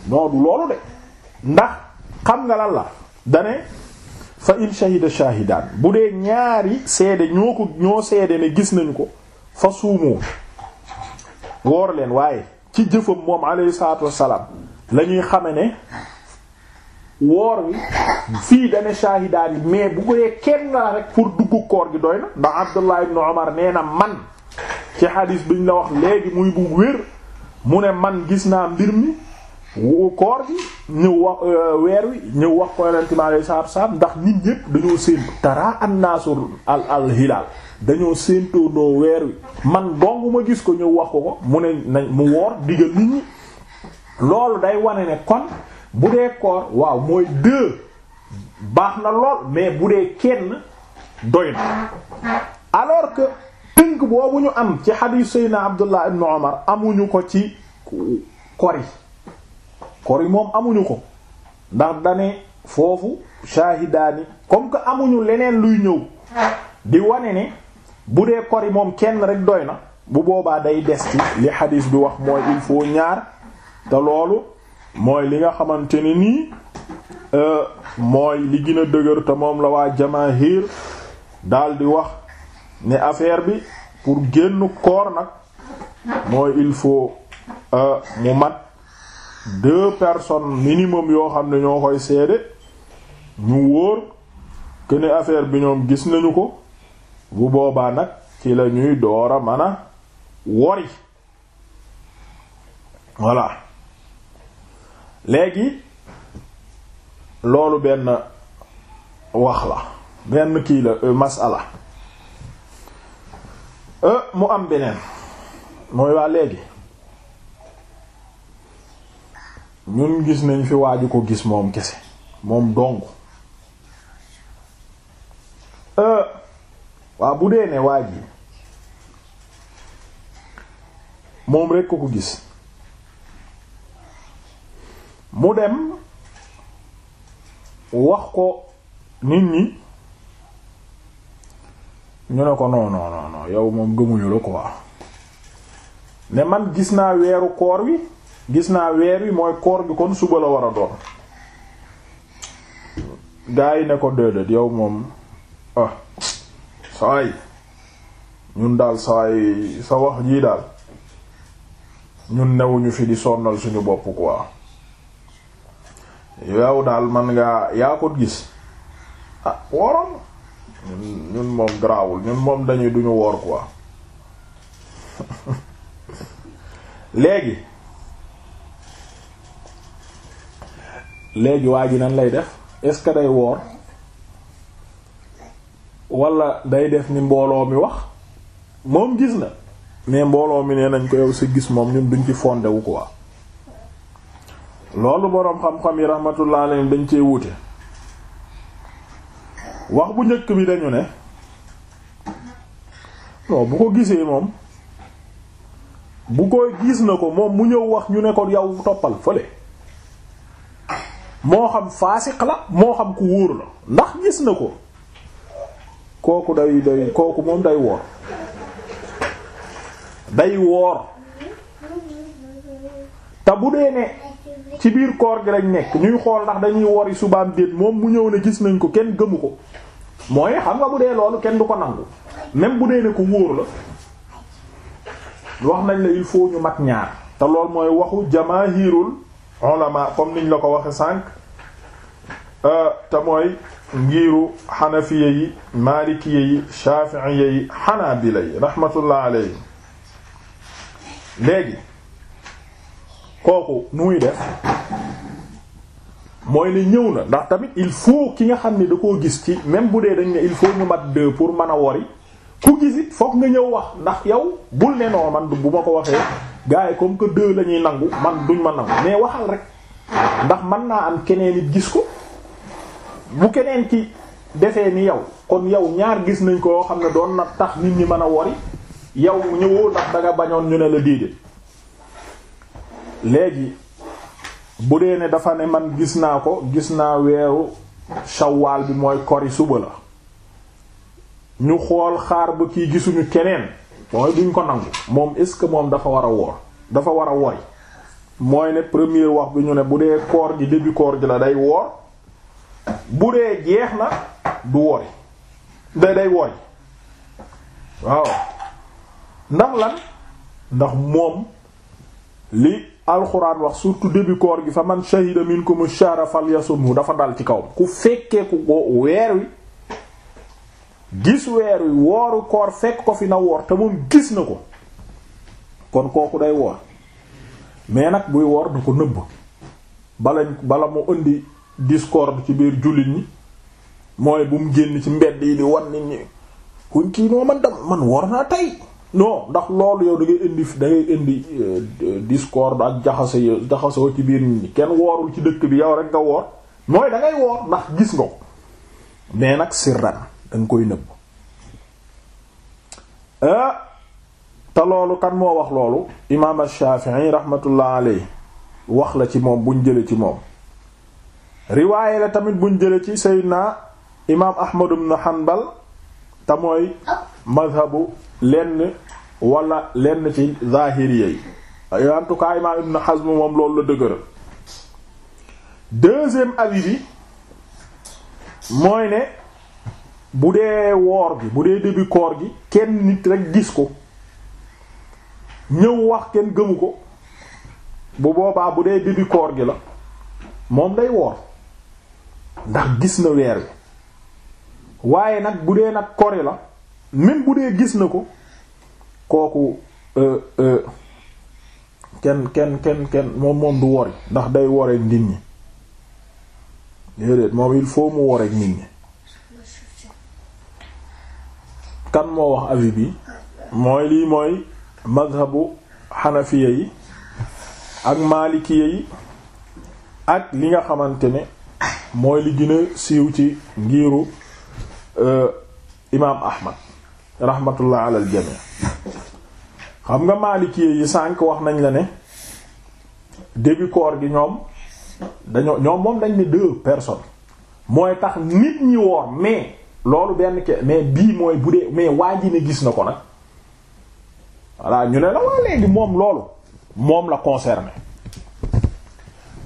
du loolu de ndax xam nga lan la dane fa in shahida shahidaan bu dee ñaari seede ñoo ko ñoo seede ne gis nañu ko fa suumoo woor leen waaye ci jëfam moom alayhi salaatu wassalaam lañuy ñuy xame ne woor wi fii dane shahidaan yi mais bu ko dee kenn la rek pour dugg koor gi doy na ndax Abdullah ibn Umar nee na man ci xadiis biñ la wax léegi muy bu wér mu ne man gis naa mbir mi wu koor gi ñëw euh, weer wi ñëw wax ko yonent mi alayhi salaatu ndax nit ñépp dañoo séentu tara annaasu al al hilaal dañoo séentoo doo weer wi man dong gis ko ñëw wax ko ko mu ne nañ mu woor digal nit ñi loolu day wane ne kon bu dee koor waaw mooy deux baax na lool mais bu dee kenn doy na alors que tënk boobu ñu am ci xadiis Seydina Abdullah ibn Omar amuñu ko ci kori kor moom amuñu ko ndax dane foofu shaahidaani comme que amuñu leneen luy ñëw di wane ne bu dee kor yi moom kenn rek doy na bu boobaa day des ci li xadiis bi wax mooy il faut ñaar te loolu mooy li nga xamante ne nii euh, mooy li gën dëgër te moom la waa jamaahir daal di wax ne affaire bi pour génn koor nag mooy il faut euh, mu mat deux personnes minimum yoo xam ne ñoo koy seede ñu wóor que ne affaire bi ñoom gis nañu ko bu boobaa nag ci la ñuy door a mën a wori voilà léegi loolu benn wax la benn kii la euh, masala euh mu am beneen mooy waa léegi ñun gis nañ fi waaju ko gis moom kese moom dong euh, waaw bu dee ne waaj yi moom rekk ko ko gis mu dem wax ko nit ñi ñu ne ko non non non yow moom gëmuñu la quoi mais man gis naa weeru koor wi gis naa weer wi mooy koor bi kon suba la war a doon gaa yi ne ko déedéet yow moom ah saay ñun daal saay sa wax jii daal ñun newuñu fi di sonnal suñu bopp quoi yow daal man ngaa yaa ko gis ah wooroon ñun moom garaawul ñun moom dañuy duñu woor léegi léegi waa ji nan lay def est-ce que day woor wala day def ni mbooloo mi wax moom gis na mais mbooloo mi ne nañ ko yow sa gis moom ñun duñ ci fondé ko quoi loolu boroom xam-xam yi rahmatullah alayhim dañ cee wuute wax bu njëkk bi dañu ne non bu ko gisee moom bu koy gis na ko moom mu ñëw wax ñu ne ko yow toppal fële. moo xam faasiq la moo xam ku wóor la ndax gis na ko kooku day day kooku moom day woor day woor te bu dee ne ci biir koor gi lañ nekk ñuy xool ndax dañuy wori subaam déet moom mu ñëw ne gis nañ ko kenn gëmu ko mooy xam nga bu dee loolu kenn du ko nangu même bu dee ne ko wóor la wax nañ la il faut ñu mag ñaar te loolu mooy waxu jamaahirul ulama comme niñ la ko waxee sànq euh, te mooy ngiiru xanafiya yi maalikiya yi shaafiiya yi xanaabila yi rahmatullah alayhi léegi kooku nu muy def mooy ne ñëw na ndax tamit il faut ki nga xam ne da koo gis ci même bu dee dañ ne il faut ñu mat deux pour mën a wori ku gis it fokk nga ñëw wax ndax yow bul ne noo man bu ma ko waxee gars yi comme que deux la ñuy nangu man duñ ma nangu mais waxal rek ndax mën naa am keneen it gis ko bu keneen ci defee ni yow kon yow ñaar gis nañ ko yoo xam ne doon na tax nit ñi mën a wori yow ñëwoo ndax danga bañoon ñu ne la déedéet léegi bu dee ne dafa ne man gis naa ko gis naa weeru shawaal bi mooy kori suba la ñu xool xaar ba kii gisuñu keneen mooy duñ ko nangu moom est-ce que moom dafa war a dafa war a wori mooy ne premier wax bi ñu ne bu dee koor gi début koor ji la day woor bu dee jeex na du wori day day wori waaw ndax moom li alxuraan wax surtout début koor gi fa man shahida minkum ash-shahra falyasumhu dafa dal ci kaw ku fekkee ku ko weer wi gis weer wi wooru koor fekk ko fi na woor te moom gis na ko kon kooku day woor mais nag buy woor du ko nëbb bala bala mu indi discorde ci biir jullit ñi mooy bu mu génn ci mbedd yi di wan nit ñi kuñ kii noo man dam man woor naa tey non ndax loolu yow da indi da ngay indi euh, discorde daal jaxase jaxasoo ci biir nit ñi kenn woorul ci dëkk bi yow rek nga woor mooy da ngay woor ndax gis nga ko mais nag sirran danga koy nëbb ah, te loolu kan moo wax loolu imaam Shaafi'i rahmatullah alayhi wax la ci moom buñ jële ci moom riwaaye la tamit buñ jële ci Seydina imaam Ahmad ibn Hanbal te mooy mazhabu lenn wala lenn ci zaahiriya yi en tout cas imaam Ibn Hazm moom loolu la dëgëral deuxième avis mooy ne bu dee woor gi bu dee début koor gi kenn nit rekk gis ko ñëw wax kenn gëmu ko bu boobaa bu dee début koor gi la moom day woor ndax gis na weer wi waaye nag bu dee nag kori la même bu dee gis na ko kooku euh, euh kenn kenn kenn kenn moom moom du wori ndax day wore nit ñi déedéet moom il faut mu wore nit ñi kan moo wax avis bi mooy lii mooy mazhabu xanafiya yi ak maalikiya yi ak li nga xamante ne mooy li gën a siiw ci ngiiru euh, imaam ahmad rahmatullah ala al xam nga maalikiya yi sànq wax nañ la ne début koor gi ñoom dañoo ñoom moom dañ ne deux personnes mooy tax nit ñi woor mais loolu benn ke mais bii mooy bu dee mais waa ji ne gis na ko nag voilà ñu ne la waa léegi moom loolu moom la concerné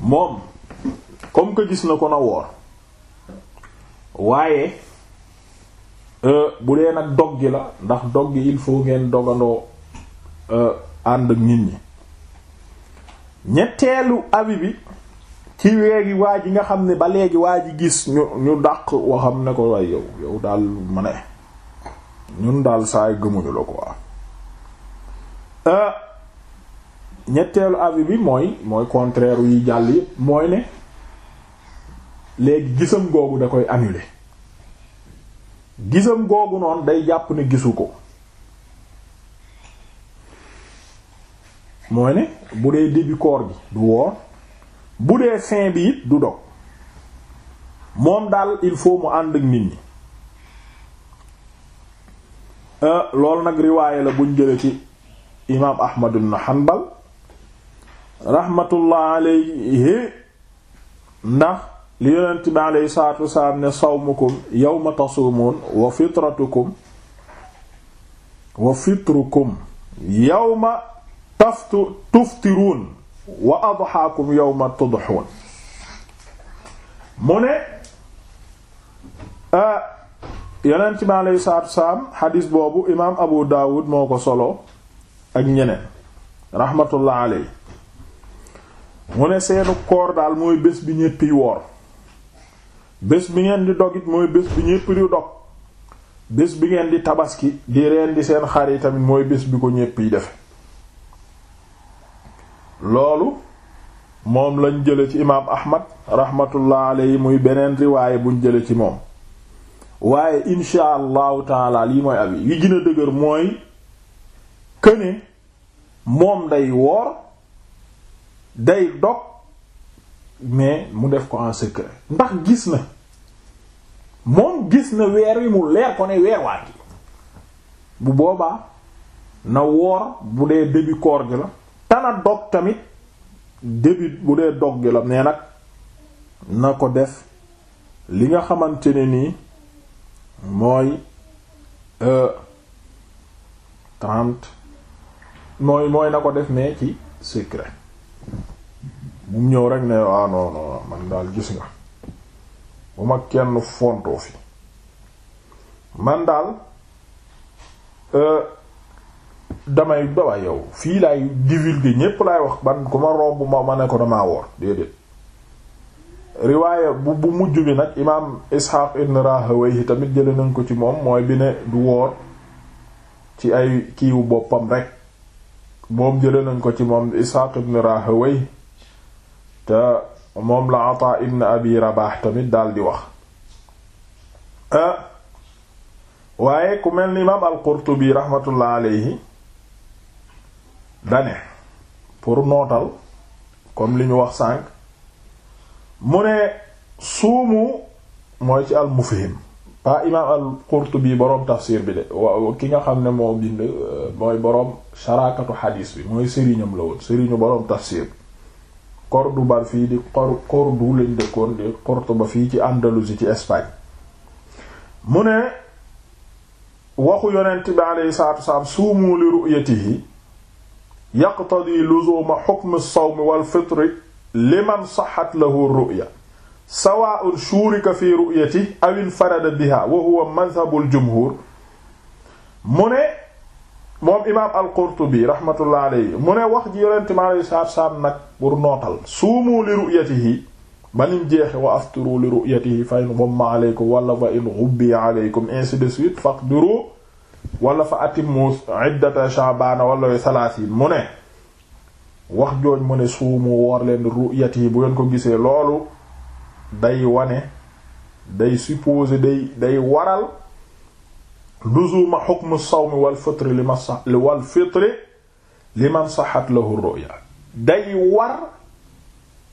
moom comme que gis na ko na woor waaye euh, bu dee nag dog gi la ndax dog gi il faut ngeen dogandoo euh, ànd ak nit ñi ñetteelu abi bi ci weegi waa ji nga xam ne ba léegi waa ji gis ñu ñu dàq waxam ne ko waaye yow yow daal ma ne ñun daal saa gëmuñu la quoi euh, ñetteelu avi bi mooy mooy contraire yi jàll yépp mooy ne léegi gisam googu da koy annuler gisam googu noonu day jàpp ne gisu ko mooy ne bu dee début koor gi du woor bu dee fin bi it du dog moom daal il faut mu ànd ak nit ñi euh, loolu nag riwaaye la buñ jële ci imaam ahmad ibn hanbal rahmatullah alayhi ndax li yonent bi alayhi salaatu wasalaam ne sawmukum yawma tasuumuun wa fitratukum wa fitrukum yawma taftu tuftiruun wa adhaakum yawma tudhuun mu ne yonent bi alayhi salaatu wasalaam xadiis boobu imaam Abu Daawud moo ko solo ak ñeneen rahmatullah alayhi mu ne seenu koor daal mooy bés bi ñéppi woor bés bi ngeen di dog mooy bés bi ñépp di dog bés bi ngeen di tabaski di reen di seen xar yi tamit mooy bés bi ko ñéppi defe loolu moom lañ jële ci imaam ahmad rahmatullah alayhi muy beneen riwaaye buñ jële ci moom waaye insha allahu taala lii mooy abi yi gën a dëgër mooy këne moom day woor day dog mais mu def ko en secret ndax gis na moom gis na weer wi mu leer ko ne weer waat bu boobaa na woor bu dee début koor gi la mën a dog tamit début bu dee dog gi la nee nag na ko def li nga xamante ne nii mooy euh, trente mooy mooy na ko def mais ci secret bu ñëw rek ne ah non man daal gis nga bu ma kenn fontoo fi man daal. Euh, damay dawa yow fii laay divulguer ñépp laay wax ban ku ma romb ma ma ne ko damaa woor déedéet riwaaya bu bu mujj bi nag imaam Isxaaq ibn Rahawayhi tamit jëlee nañ ko ci moom mooy bi ne du woor ci ay kiiwu boppam rek moom jëlee nañ ko ci moom Isxaaq ibn Rahawayhi te moom la Ataa ibn Abi Rabaax tamit daal di wax ah, waaye ku mel ni imaam al-Qurtubi rahmatullah alayhi dane pour nootal comme li ñu wax sànq mu ne suumu mooy ci al mufhim pa imaam al qurtubi boroom tafsir bi de waaw ki nga xam ne moo bind euh, mooy boroom sharakatu xadiis bi mooy sëriñam la woon sëriñu boroom tafsir Cordoba fii di or Cordoue lañ dëkkoon di Cordoba fii ci Andalousie ci Espagne mu ne waxu yonent bi alayhi salaatu wasalaam suumu li ru'yatihi yaqtadi luzuma xukm as-sawm wal fitr liman saxat lahu ru'ya sawaa'un shuurika fi ru'yatihi aw infarada biha wa huwa madhabul jumhuur mu ne moom imaam al-Qurtubi rahmatullah alayhi mu ne wax ji yonent mi alayhi salaatu salaam nag pour nootal suumu li ru'yatihi ba nim jeexe wa afturu li ru'yatihi fa in ghumma alaykum wala wa in ghubbiya alaykum ainsi de suite faqdiru wala fa atimmu iddata shaabaana wala yooyu salaasiin mu ne wax jooj mu ne suumu woor leen ru'yat yi bu leen ko gisee loolu day wane day supposé day day waral luzuma xukmu sawmi wal fitri liman sa wal fitri liman saxat lahu ru'ya day war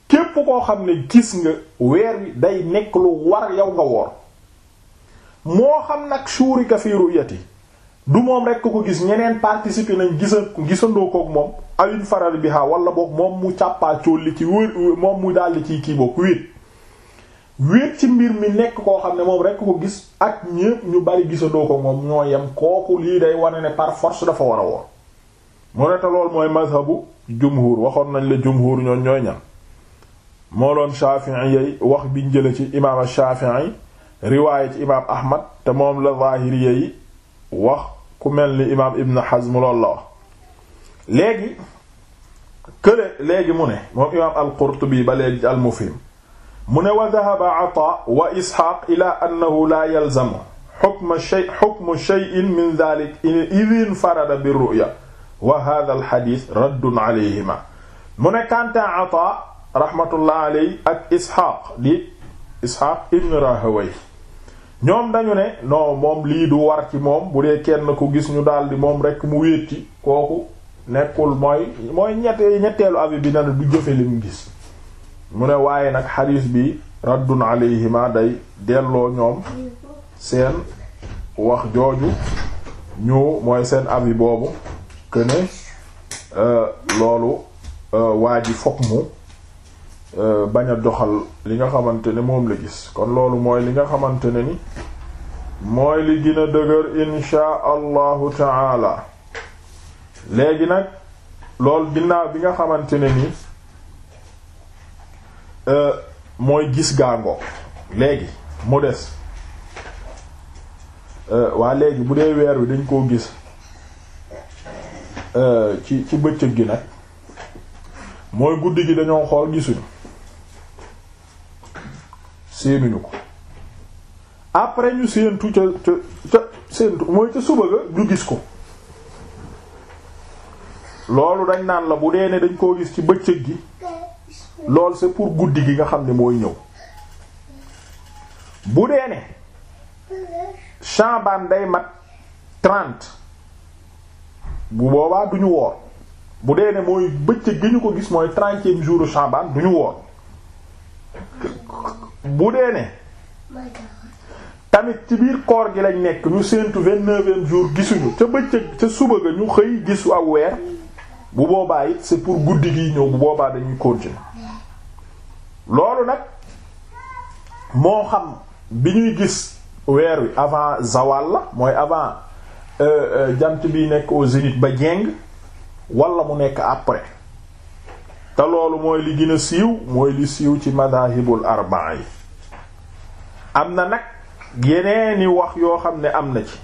képp koo xam ne gis nga weer wi day nekk lu war yow nga woor moo xam nag shuurika fi ru'yati du moom rekk ko gis ñeneen participer nañ gisa gisandoo koog moom ayun faral bi ha wala boog moom mu càppaa li ci wér moom mu daldi ciy kii boog wéet wéet ci mbir mi nekk koo xam ne moom rek ko gis ak ñépp ñu bari gisandoo ko moom ñoo yem kooku lii day wane ne par force dafa war a woon mu lool mooy mazhabu jumhur waxoon nañ la jumhur ñoon ñooy ñan moo doon Shafi'i yey wax biñ jële ci imaam Shafi'i riwaaye ci imaam Ahmad te moom la yi wax ku mel ni imaam Ibn Hazm loolu la wax léegi kële léegi mu ne moom imaam al-Qurtubi ba léegi al-Mufhim mu ne wa dhahaba Ataa wa Isxaaq ila annahu la yalzamu hukmu shay hukmu shay'in min dhaalika idh infarada bir-ru'ya wa haadha al-hadiith raddun alayhima mu ne kanta Ataa rahmatullah alayhi ak Isxaaq di Isxaaq ibn Rahawayh ñoom dañu ne non moom lii du war ci moom bu dee kenn ku gis ñu daldi moom rek mu wéeti kooku nekkul mooy mooy ñette ñetteelu avis bi na du jëfe li mu gis mu ne waaye nag xadiis bi raddun alayhima day delloo ñoom seen wax jooju ñu mooy seen avis boobu que ne euh, loolu euh, waa ji fokk mu Euh, bañ a doxal li nga xamante ne moom la gis kon loolu mooy li nga xamante ne ni mooy li gën a dëgër inchaa allahu taala léegi nag loolu ginnaaw bi nga xamante ne ni euh, mooy gis gàngoo léegi mu des euh, waa léegi bu dee weer wi dañ koo gis ci ci bëccëg gi nag mooy guddi gi dañoo xool gisuñu séenuñu ko après ñu séentu ca ca ca séentu mooy ca suba ga ñu gis ko loolu dañ naan la bu dee ne dañ koo gis ci bëccëg gi loolu c'est pour guddi gi nga xam ne mooy ñëw bu dee ne Shaaban day mat trente bu boobaa duñu woor bu dee ne mooy bëccëg gi ñu ko gis mooy trentième jour Shaaban duñu woor bu dee ne tamit ci biir koor gi lañ nekk ñu séentu vingt-neuvième jour gisuñu ca bëccëg ca suba ga ñu xëy gisu ak weer bu boobaa it c'est pour guddi gi ñëw bu boobaa dañuy continuer loolu nag moo xam bi ñuy gis weer wi avant zawal la mooy avant euh, euh, jant bi nekk au zénith ba jeng wala mu nekk après te loolu mooy li gën siiw mooy li siiw ci madahibul arbaa yi am na nag yeneeni wax yoo xam ne am na ci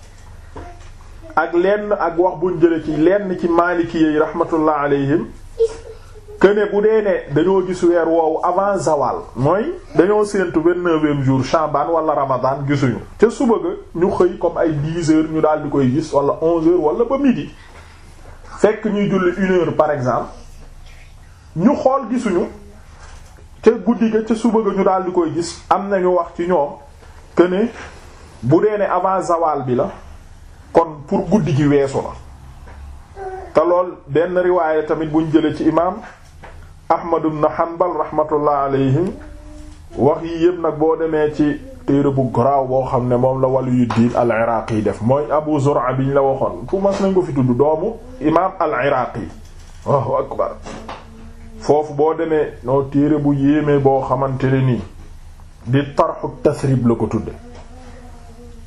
ak lenn ak wax buñ jële ci lenn ci maaliki yi rahmatullah alayhim këne bu dee ne dañoo gis weer woowu avant zawal mooy dañoo séentu vingt jour Chaban wala Ramadan gisuñu ca suba ga ñu xëy comme ay dix heures ñu daal di koy gis wala onze heures wala ba midi fekk ñuy julli une heure par exemple ñu xool gisuñu ca guddi ga ca suba ga ñu daal di koy gis am nañu wax ci ñoom que bu dee ne avant zawal bi la kon pour guddi gi weesu la te lool benn riwaaya tamit buñ jëlee ci imaam Ahmad ibn Hanbal rahmatullah alayhi wax yi yëpp nag boo demee ci téere bu garaaw boo xam ne moom la Waliyuddin al-Iraqi yi def mooy Abu Zur'a biñ la waxoon fu mas nañ ko fi tudd doomu imaam al-Iraqi yi waaw akbar foofu boo demee noo téere bu yéeme boo xamante ne nii di tarxu tasrib la ko tudde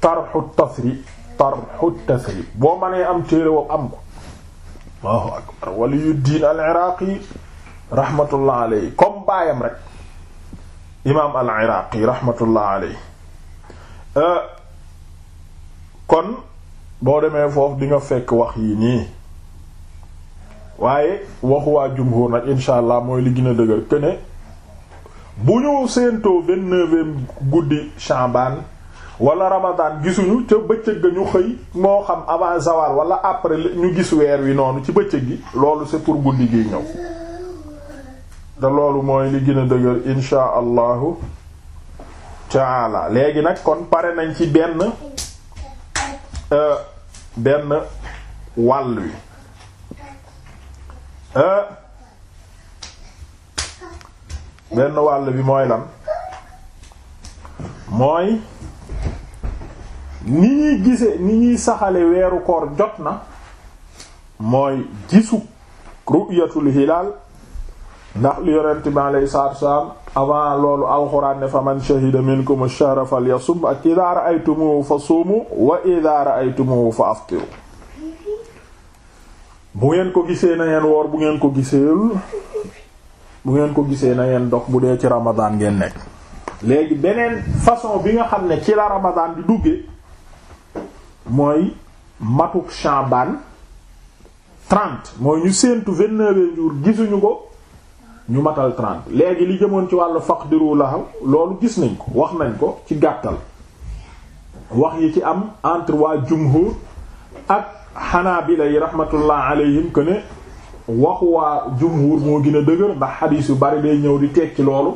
tarxu tasrib tarxu tasrib boo mënee am téere woowu am ko Allahu akbar waliyu diin al iraqi rahmatullah aley comme baayam rek imaam al iraqi rahmatullah aley euh, kon boo demee foofu di fekk wax yi nii waaye waxu waa jumhur nag insha allah mooy li gën a dëgër que ne bu ñu séentoo vingt-neuvième guddi Sha'ban wala Ramadan gisuñu ca bëccëg ga ñu xëy moo xam avant zawal wala après ñu gis weer wi noonu ci bëccëg gi loolu se pour guddi gi ñëw te loolu mooy li gën a dëgër insha allahu taala léegi nag kon pare nañ ci benn euh, benn wàll wi Eh? benn wàll bi mooy lan mooy ni ñuy gise ni ñuy saxale weeru koor jot na mooy gisu ru'yatul hilaal ndax li yonent bi alayhi salaatu wassalaam avant loolu alxuraan ne fa man shahida minkum ash-shahra falyasum ak idaa ra'aytumuhu fa suumu wa idaa ra'aytumuhu fa aftiru bu ngeen ko gisee na ngeen woor bu ngeen ko giseelu bu ngeen ko gisee na ngeen dox bu dee ci ramadan ngeen nekk léegi beneen façon bi nga xam ne ci la ramadan di duggee mooy matuk Shaaban trent mooy ñu séentu vingt-neuf jours gisuñu ko ñu matal trent léegi li jëmoon ci wàllu faqdiru lahu loolu gis nañ ko wax nañ ko ci gàttal wax yi ci am entre waa jumhur ak xanaabila yi rahmatullah alayhim que ne waxu waa jumhur moo gën a dëgër ndax xadiis yu bari day ñëw di tekki loolu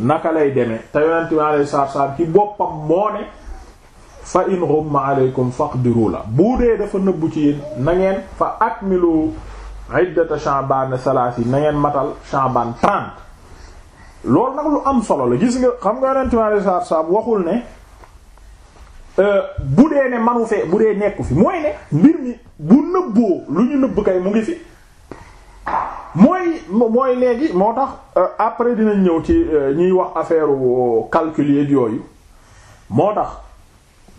naka lay demee te yonent bi alayhi salaatu salaam ci boppam moo ne fa in ghumma alaykum faqdiru la bu dee dafa nëbbu ci yéen na ngeen fa akmilu iddata Sha'ban salaasi na ngeen matal Sha'ban 30 loolu nag lu am solo la gis nga xam nga yonent bi alayhi salaatu salaam waxul ne Euh, bu dee ne manu fee bu dee nekku fi mooy ne mbir mi bu nëbboo lu ñu nëbb kay mu ngi fi mooy mooy léegi moo tax euh, après dinañ ñëw ci euh, ñuy wax affaire calcul yooyu moo tax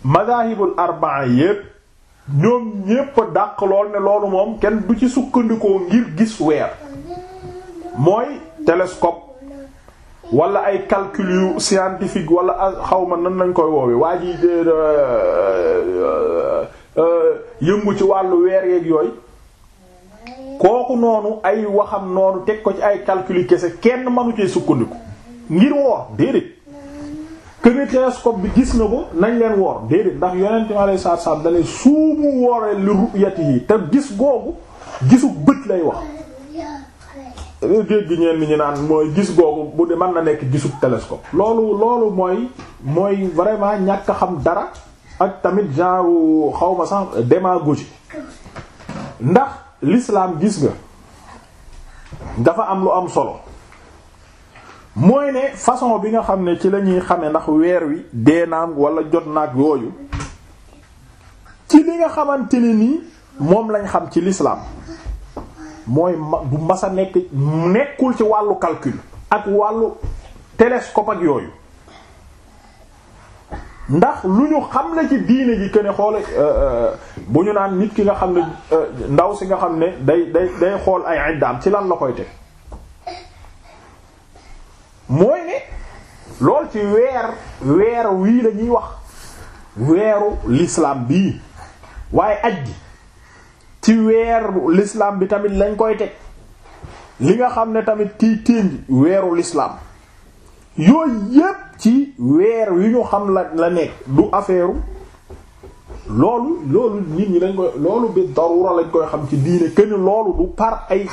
madahibul arbaa yépp ñoom ñépp a dàq lool ne loolu moom kenn du ci sukkandikoo ngir gis weer mooy télescope wala ay calcul yu scientifique wala xawma nan nañ koy woowe waa ji euh, euh, yëngu ci wàllu weer yeeg yooy kooku noonu ay waxam noonu teg ko ci ay calcul kese kenn manu cee sukkandiku ngir woor déedéet que ni télescope bi gis na ko nañ leen woor déedéet ndax yonent mi alayhi salaatu salaam dalee suumu wooree li ru'yatihi te gis googu gisu bët lay wax dégg ñeen ñi naan mooy gis googu bu de mën na nekk gisub télescope loolu loolu mooy mooy vraiment ñàkk xam dara ak tamit genre xawma sax démagogie ndax lislaam gis nga dafa am lu am solo mooy ne façon bi nga xam ne ci la ñuy xamee ndax weer wi dee naam wala jot naag yooyu ci li nga xamante ne nii moom lañ xam ci lislaam mooy du masa nekk nekkul ci wàllu calcul ak wàllu télescope ak yooyu ndax lu ñu xam la ci diine ji que ne xoole euh, euh, bu ñu naan nit ki nga xam ne euh, ndaw si nga xam ne day day day xool ay iddaam ci lan la koy teg mooy ne lool ci weer weer wii la ñuy wax weeru l'islam bii waaye aj gi ci weeru lislaam bi tamit lañ koy teg li nga xam ne tamit kiy ténj weeru lislaam yooyu yépp ci weer yu ñu xam la la nekk du affaire loolu loolu nit ñi lañ koy loolu bi darura lañ koy xam ci diine que ni loolu du par ay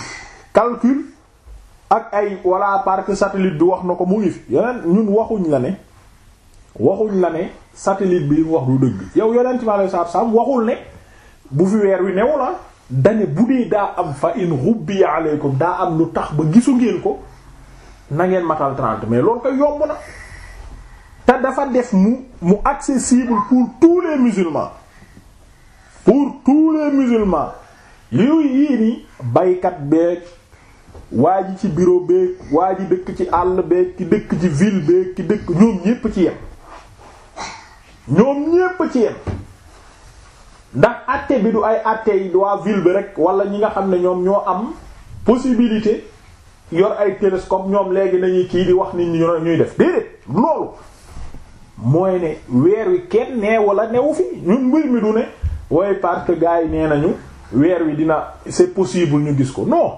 calcul ak ay walla parce que satellite bi wax na ko mu ngi fi yeneen ñun waxuñ la ne waxuñ la ne satellite bi wax du dëgg yow yeneen ci ma lay waxul ne. bu fi weer wi new la ah, dane bu dee daa am fa in rubbiya aleykum daa am lu tax ba gisu ngeen ko nangeen matal 30 mais loolu koy yomb na te dafa def mu mu accessible pour tous les musulmans pour tous les musulmans yooyu yii ni baykat beeg waa ji ci bureau beeg waa ji dëkk ci àll beeg ki dëkk ci ville beeg ki dëkk ñoom ñépp ci yem ñoom ñépp ci yem ndax àtte bi du ay àtte yi waa ville bi rek wala ñi nga xam ne ñoom ñoo am possibilité yor ay télescope ñoom léegi nañuy kii di wax nit ñi ñuy def déedéet loolu mooy ne weer wi kenn nee wala new fi ñun mbir mi du ne waaye parce que gars yi nee nañu weer wi dina c'est possible ñu gis ko non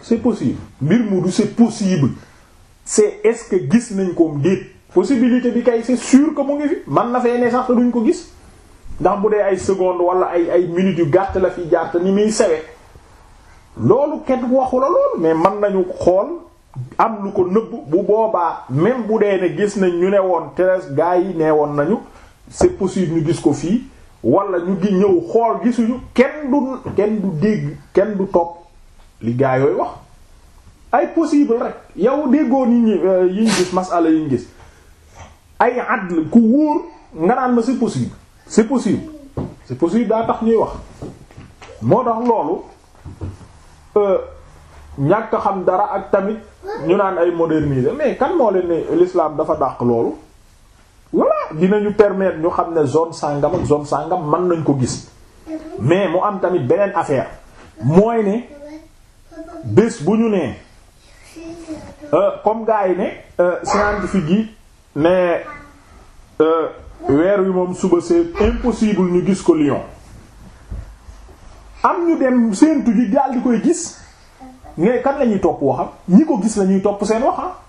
c'est possible mbir mu du c'est possible c'est est-ce que gis nañ koom déet possibilité bi kay c'est sûr que mu ngi fi man na fee ne sax duñ ko gis ndax bu dee ay seconde wala ay ay minutes yu gàtt la fi jaar te ni muy sewe loolu kenn waxu la lool mais man nañu xool am lu ko nëbb bu boobaa même bu dee ne gis nañ ñu ne woon teres gaa yi nee woon nañu c'est possible ñu gis ko fii walla ñu ngi ñëw xool gisuñu kenn du kenn du kenn du topp li gaa yooyu wax ay possible rek yow déggoon yi ñu euh, yi ñu gis masala yi ñu gis ay adl ku wóor nga naan ma c'est possible c'est possible c'est possible daa tax ñuy wax moo tax loolu euh, ñàkk xam dara ak tamit ñu naan ay moderniser mais kan moo leen ne dafa dàq loolu dina ñu permettre ñu xam ne zone sàngam ak zone sàngam man nañ ko gis mais mu am tamit beneen affaire mooy ne bés bu ñu nee euh, comme gars yi ne euh, scientifique yi ne weer wi moom suba c'est impossible ñu gis ko Lyon am ñu dem séentu ji daal di koy gis mais kan la ñuy topp waxam ñi ko gis la ñuy topp seen waxam ah.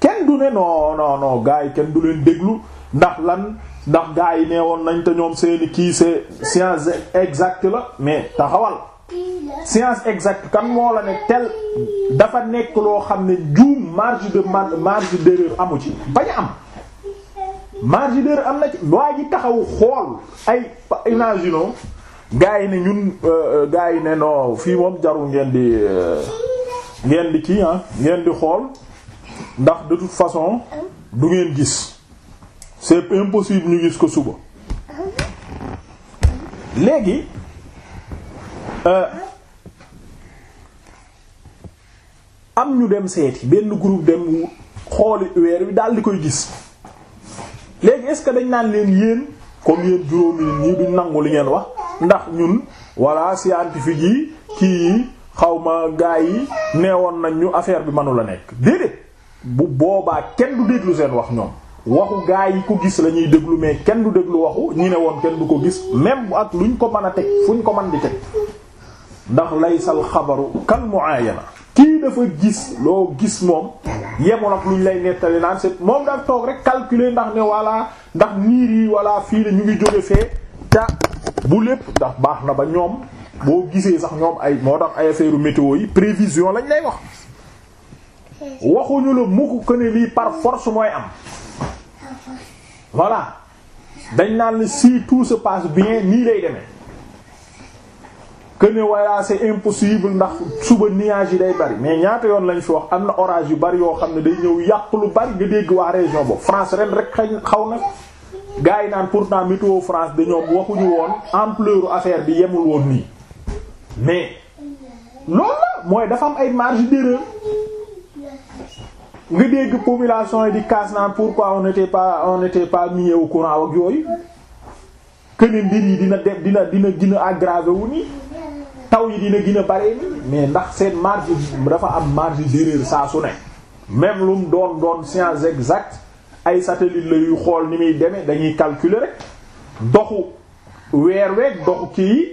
kenn du ne non non non gars yi kenn du leen déglu ndax lan ndax gars yi nee woon nañ te ñoom seeni kii c'est science exacte la mais taxawal science exacte kan moo la ne tel dafa nekk loo xam ne juum marge de marge d'erreur amu ci bañ am. margideur am na ci waa ji taxaw xool ay imaginons gars yi ne ñun euh, euh, gaa yi ne non fii moom jaru ngeen di euh, ngeen di kii ah, ngeen di xool ndax de toute façon du ngeen gis c'est impossible ñu gis ko suba léegi am ñu dem seeti benn groupe dem xooli weer wi daal di koy gis léegi est ce dañ naan leen yéen kon yéen juróomi nit ñi duñ nangu li ngeen wax ndax ñun voilà scientifique yi kii yi xaw ma gaa yi neewoon nañ ñu affaire bi mënu la nekk déedéet bu boobaa kenn du déglu seen wax ñoom waxu gaa yi ko gis la ñuy déglu mais kenn du déglu waxu ñu ne woon kenn du ko gis même ak ñu ko mën a teg fuñ ko man di teg ndax laysal xabaru kan muayana ci dafa gis loo gis moom yemul ak luñ lay nettali naan c'est moom daf toog rek calculer ndax ne voilà ndax niir yi voilà fii la ñu ngi jóge fee ca bu lépp ndax baax na ba ñoom boo gisee sax ñoom ay moo tax ay affaire météo yi prévision lañ lay wax waxuñu la mukk ko ne lii par force mooy am voilà dañ naan la si tout se passe bien nii lay demee que ne voilà c'est impossible ndax suba nuages yi day bari mais ñaata yoon lañu fi wax am na orage yu bari yoo xam ne day ñëw yàq lu bari nga dégg waa région boobu France ren rek xaw na gars yi pour pourtant météo France dañoo waxuñu woon ampleur affaire bi yemul woon nii mais loolu la mooy dafa am ay marge d'erreur nga dégg population yi di casse naan pourquoi on n'était pas on n'était pas mis au courant ak yooyu que ne yi dina def dina dina dina aggravé wu nii. taw yi dina gën a bare ni mais ndax seen marge dafa am marge d'erreur saa su ne même lu mu doon doon science exacte ay satellite la yuy xool ni muy deme dañuy calculer doxu weer weeg doxu kii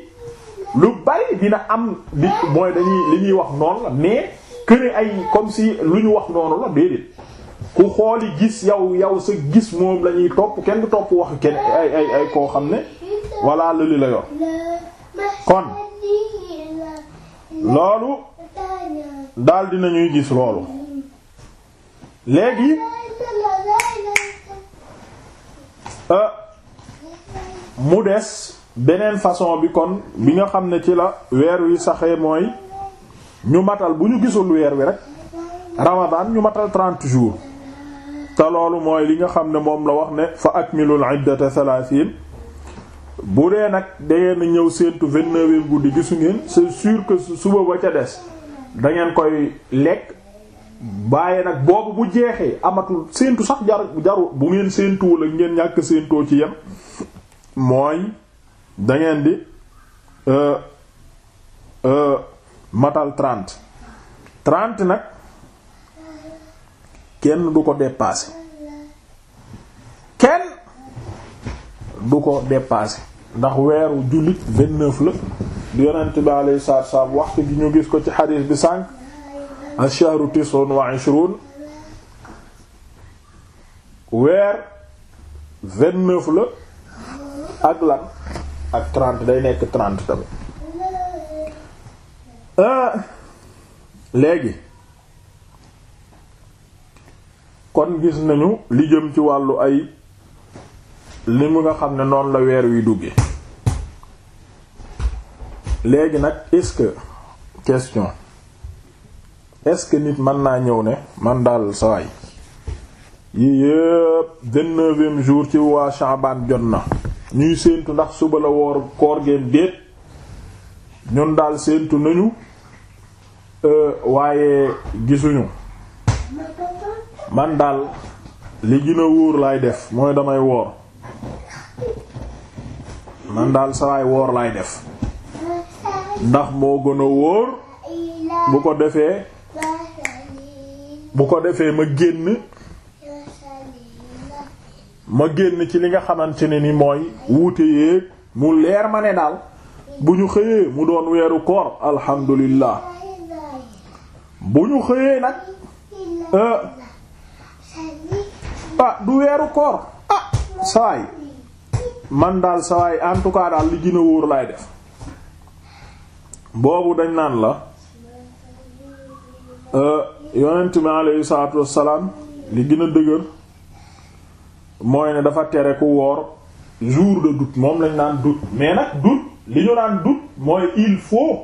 lu bari dina am di mooy dañuy li ñuy wax noonu la mais këre ay comme si lu ñu wax noonu la déedéet ku xooli gis yow yow sa gis moom lañuy ñuy topp kenn du topp wax kenn ay ay ay koo xam ne walla lëli la yor kon loolu daldi nañuy gis loolu léegi euh, mu des beneen façon bi kon bi nga xam ne ci la weer wi saxe mooy ñu matal bu ñu gisul weer wi rek ramadan ñu matal 30 jours te loolu mooy li nga xam ne moom la wax ne fa akmilul iddata thalathin bu dee nag dangeen ñëw seentu vingt-neuvième guddi gisu ngeen c'est sur que suba ba ca des dangeen koy lekk bàyyi nag boobu bu jeexee amatul séentu sax jar jaru bu ngeen séentuwul ak ngeen ñàkk séentoo ci yem mooy dangeen di euh, euh, matal trente trente nag kenn du ko dépasser du ko dépasser ndax weeru jullit vingt-neuf la di yonent bi alayhi salaatu salaam waxtu gi ñu gis ko ci xadiis bi sànq ash-shahru tis'un wa 'ishrun weer vingt-neuf la ak lan ak trente day nekk trente tamit euh, léegi kon gis nañu li jëm ci wàllu ay li mu nga xam ne noonu la weer wi dugge léegi nag est-ce que question est nit mën naa ñëw ne man daal sawaay yi yëpp vingt-neuvième jour ci waa Shaaban jot na ñuy séentu ndax suba la woor koor geen déet ñun daal séentu nañu euh, waaye gisuñu man daal li gën a laay def mooy damay woor man daal sawaay woor laay def ndax moo gën a wóor bu ko defee bu ko defee ma génn ma génn ci li nga xamante ne ni mooy wuute yéeg mu leer ma ne daal bu ñu xëyee mu doon weeru koor alhamdulillah bu ñu xëyee nag euh, ah du weeru koor ah sawaay man daal sawaay en tout cas daal li gën a wóor laay def boobu dañ naan la euh, yonent bi aleyhi salaatu wassalaam li gën a dëgër mooy ne dafa tere ku woor jour de doute moom lañ naan doute mais nag doute li ñu naan doute mooy il faut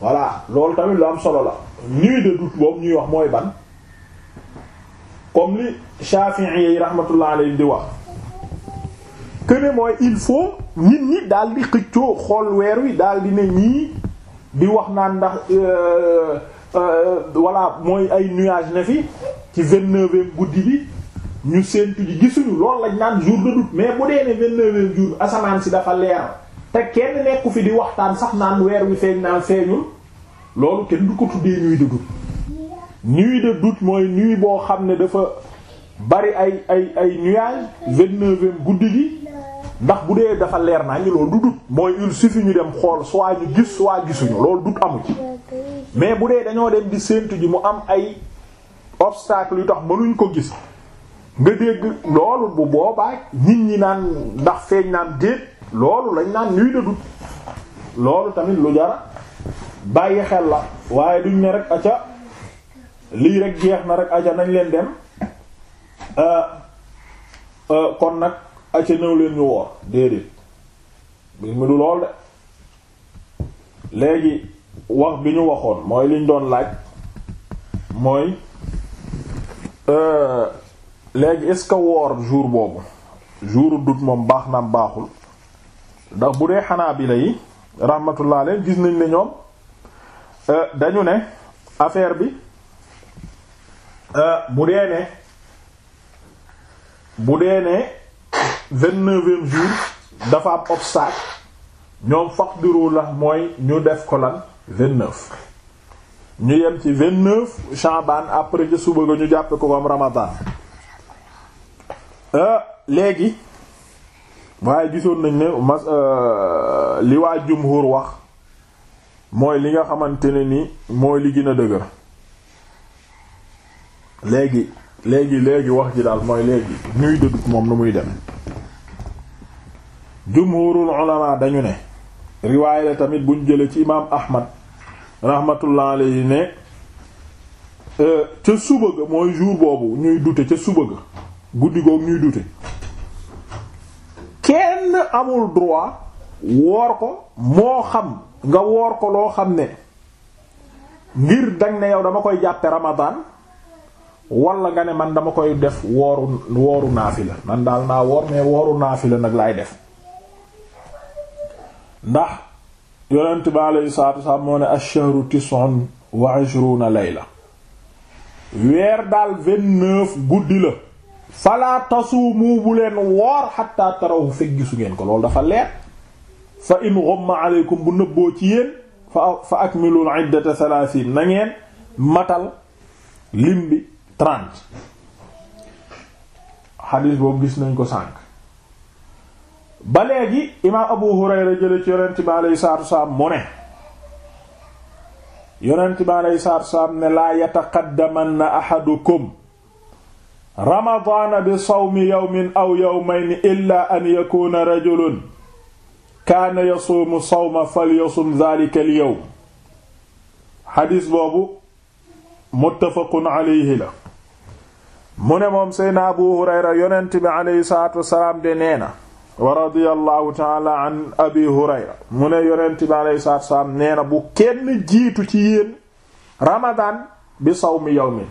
voilà loolu tamit lu am solo la nuit de doute boobu ñuy wax mooy ban comme li Shafi'i yi rahmatullah alayhi di wax que mooy il faut nit ñi daal di xëccoo xool weer wi daal di ne ñii di wax naan ndax euh, euh, voilà mooy ay nuages ne fi ci vingt-neuvième guddi bi ñu séentu ji gisuñu lool lañ naan jour de doute mais bu dee ne vingt-neuvième jour asamaan si dafa leer te kenn nekku fi di waxtaan sax naan weer wi feeñ naan feeñul loolu kenn du ko tuddee nuit de doute nuit de doute mooy nuit boo xam ne dafa bari ay ay ay nuages vingt-neuvième guddi gi ndax bu dee dafa leer naa ñu loolu du dut mooy il suffit ñu dem xool soit ñu gis soit gisuñu loolu dut amu ci mais bu dee dañoo dem di séentu ji mu am ay obstacle yu tax mënuñ ko gis nga dégg loolu bu boobaa nit ñi naan ndax feeñ naan déet loolu lañ naan nuy de dut loolu tamit lu jara bàyyi xel la waaye duñ ne a ca lii rek jeex na rek aca nañ leen dem euh, euh, kon nag acca ñëw leen ñu woor déedéet mbir mi du lool de léegi wax bi ñu waxoon mooy liñ doon laaj mooy euh, léegi est-ce que jour boobu jour dut moom baax na baaxul ndax bu dee Hanabila yi rahmatullah leen gis nañ ne ñoom euh, dañu ne affaire bi euh, bu dee ne bu dee ne vingt-neuvième jour dafa am obstacle ñoom faqdiru la mooy ñu def ko lan vingt-neuf ñu yem ci vingt-neuf Sha'ban après ca suba ga ñu jàppe ko am Ramadan euh, léegi waaye gisoon nañ ne mas euh, li waa jumhur wax mooy li nga xamante ne ni mooy li gën a dëgër léegi léegi léegi wax ji daal mooy léegi nuy dëddut moom nu muy dem jumhurul ulama dañu ne riwaay la tamit buñ jëlee ci imaam ahmad rahmatullah alayhi ne euh, ca suba ga mooy jour boobu ñuy dute ca suba ga guddi googu ñuy dute kenn amul droit woor ko moo xam nga woor ko loo xam ne ngir dang ne yow dama koy jàppe ramadan wala nga ne man dama koy def wooru wooru la man daal naa woor mais wooru naafila nag laay def ndax yonent bi alayhi salaatu wasalaam moo ne ash-shahru tis'un wa layla weer daal guddi la falaa tasuumu bu leen woor xatta tarawu fekk gisu ngeen ko loolu dafa leer fa in ghumma aleykum bu nëbboo ci yéen fa fa akmilul iddata thalathin na ngeen matal lim bi trente xadiis boobu gis nañ ko sànk ba léegi imaam Abu Hurayra jële ci yonent bi alayhi salaatu wasalaam mu ne yonent bi alayhi salaatu wasalaam ne laa yataqaddamanna bi sawmi yawmin aw yawmayni illaa an yakuuna rajulun kaana yasuumu sawma falyasum de nee wa radiyallahu taala an abi hurayra mu ne yonent bi alayhi salaatu salaam nee bu kenn jiitu ci yéen ramadan bi sawmi yawmin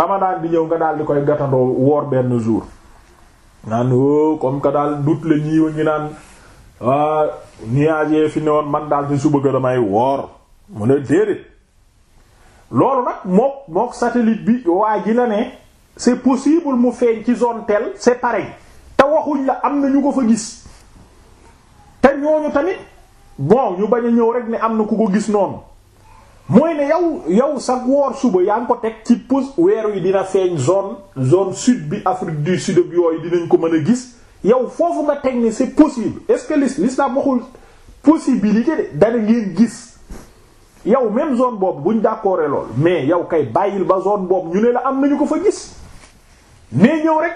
ramadan bi ñëw nga daal di koy gatandoo woor benn jour naan o oh, comme que daal dut la ñii wa ngi naan waa ah, nuage fi ne woon man daal di suba ga damay woor mu ne déedéet loolu nag mook mook satellite bi waa ji la ne c'est possible mu feeñ ci zone telle c'est pareil te waxuñ la am na ñu ko fa gis te ñooñu tamit bon ñu bañ a ñëw rek ne am na ku ko gis noonu mooy ne yow yow sa woor suba yaa ngi ko teg ci pus weeru yi dina seen zone zone sud bi Afrique du Sud bi yooyu dinañ ko mën a gis yow foofu ma teg ne c'est possible est-ce que l'islam waxul possibilité de dana ngeen gis yow même zone boobu buñ d'accordé lool mais yow kay bàyyil ba zone boobu ñu ne la am nañu ko fa gis mais ñëw rek.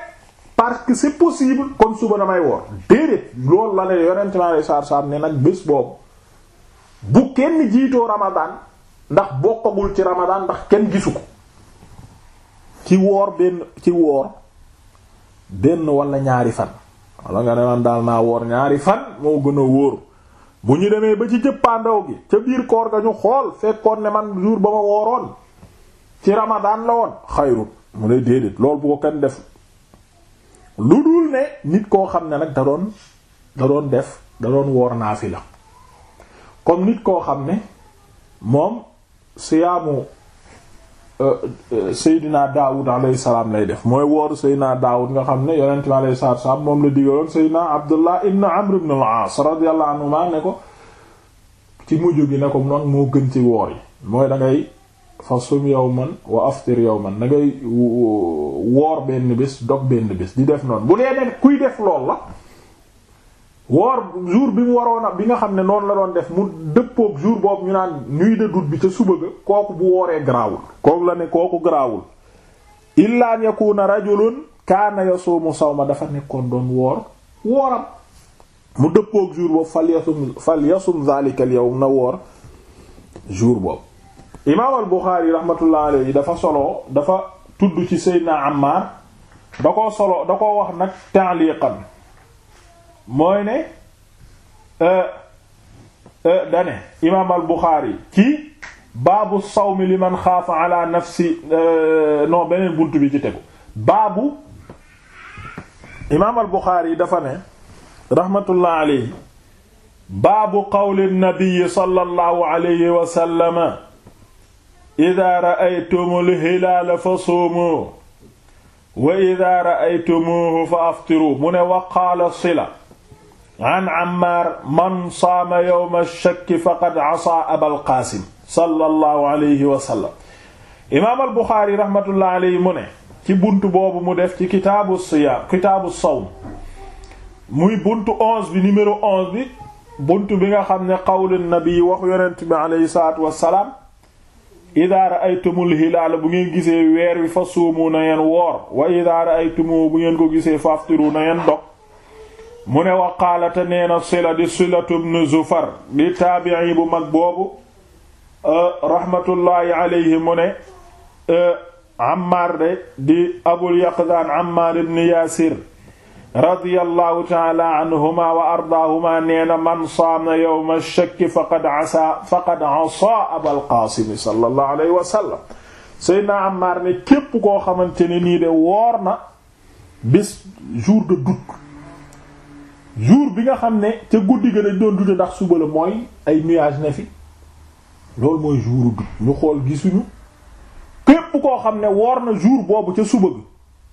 parce que c'est possible kon suba damay woor déedéet loolu la ne yonent naa lay saar saar nag bés boobu bu kenn jiitoo Ramadan ndax bokkagul ci ramadaan ndax kenn gisu ko ci woor benn ci woor benn wala ñaari fan wala nga ne man daal naa woor ñaari fan moo gën a wóor bu ñu demee ba ci jëppaandaw gi ca biir koor ga ñu xool fekkoon ne man jour ba ma wooroon ci Ramadan la woon xayrut mu ne déedéet loolu bu ko kenn def lu dul ne nit koo xam ne nag da doon da doon def da doon woor naafila comme nit koo xam ne moom siyaamu euh, euh, Seydina Daawud alayhi salaam lay def mooy wooru Seydina Daawud nga xam ne yonent mi alayhi salaam moom la digaloon Seydina Abdullah ibn Amr ibn al-Aas radiyallahu anhu maa ne ko ci mujj gi ne ko nag moo gën ci woor yi mooy da fa sum man wa aftir yawman man ngay woor benn bés dog benn bés di def noonu bu dee ne kuy def lool la woor jour bi mu waroon a bi nga xam ne noonu la doon def mu dëppook jour boobu ñu naan nuit de doute bi ca suba ga kooku bu wooree garaawul kooku la ne kooku garaawul illa an yakuna rajulun kaana yasuumu sawma dafa nekkoon doon woor wooram mu dëppook jour boobu fal yasum fal yasum zalika al na woor jour boobu imaam al Buxaari rahmatullah alayhi dafa solo dafa tudd ci Seydina Ammaar da solo da wax nag ta'liqan mooy ne euh, euh, dane imaam al Buxaari ci baabu sawmi li man xaafa ala nafsi euh, beneen bunt bi ci tegu baabu imaam al Buxaari dafa ne rahmatullah alayhi baabu qawli nabi sallallahu alayhi wa ida ra'aytumul hilaala fa soomu wa ida ra'aytumuhu fa aftiru mu ne waqaala sila an Ammaar man saama yawma shakki faqad asaa abal qaasim sallallahu alayhi wa sallam imaam al Buxaari rahmatullahi alayhi mu ne ci buntu boobu mu def ci kitaabu siyaam kitaabu sawm muy buntu onze bi numéro onze bi buntu bi nga xam ne qawlu nabi wax yonent bi alayhi salaatu wa salaam idaa ra'aytumul hilaala bu ngeen gisee weer wi fa suumu na ngeen woor wa idaa ra'aytumu bu ngeen ko gisee faftiru na ngeen dog mu ne waqaalata nee na sila di silatu ibn zufar di taabi'i bu mag boobu euh, rahmatullahi alayhi mu ne euh, ammaar de di abul yaqdaan ammaar ibn yaasir radiyallahu taala anhuma wa ardaahuma na képp koo xamante ne nii de woor na bés jour de doute jour bi nga xam ne ca guddi ga dañ doon dute ndax suba la mooy ay nuages ne fi loolu mooy jour doute ñu xool gisuñu képp koo xam ne woor na jour boobu ca suba ga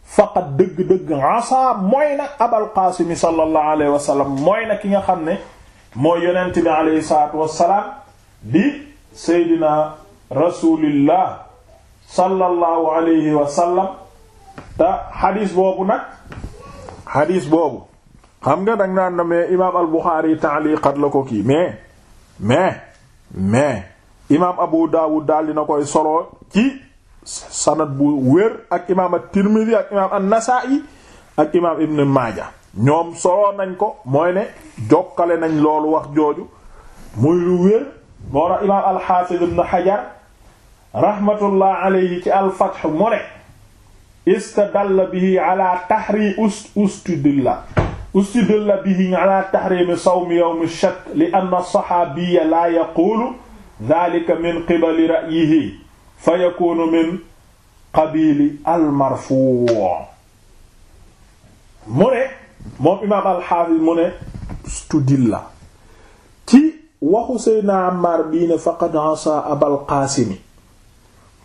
faqat dëgg-dëgg asa mooy na abal qaasimi sallallahu alayhi wa mooy na ki nga xam ne mooy yonent bi alayhi salaatu wassalaam di seydina rasulillah sallallahu alayhi wa sallam te xadis boobu nag xadis boobu xam nga dang naan na mais imaam al Buxaari taaliqat la ko kii mais mais mais imaam Abu Dawud daal dina koy solo ci sanad bu wér ak imaam at-Tirmidhi ak imaam an-Nasa'i ak imaam Ibn Maaja ñoom soloon nañ ko mooy ne nañ loolu wax jooju muy lu wér moo imaam al-Hafiz Ibn Hajar rahmatullah alayhi ci al-Fath mu ne istadalla bihi ala tahri ustidilla ustidilla bihi ala tahrimi sawmi yawmi la yaqulu dhalika min qibali ra'yihi fa yakunu min qabili almarfuu mu ne moom imaam alxaafis mu ne studilla ci waxu seydna Ammaar bii ne faqad asa abal qaasimi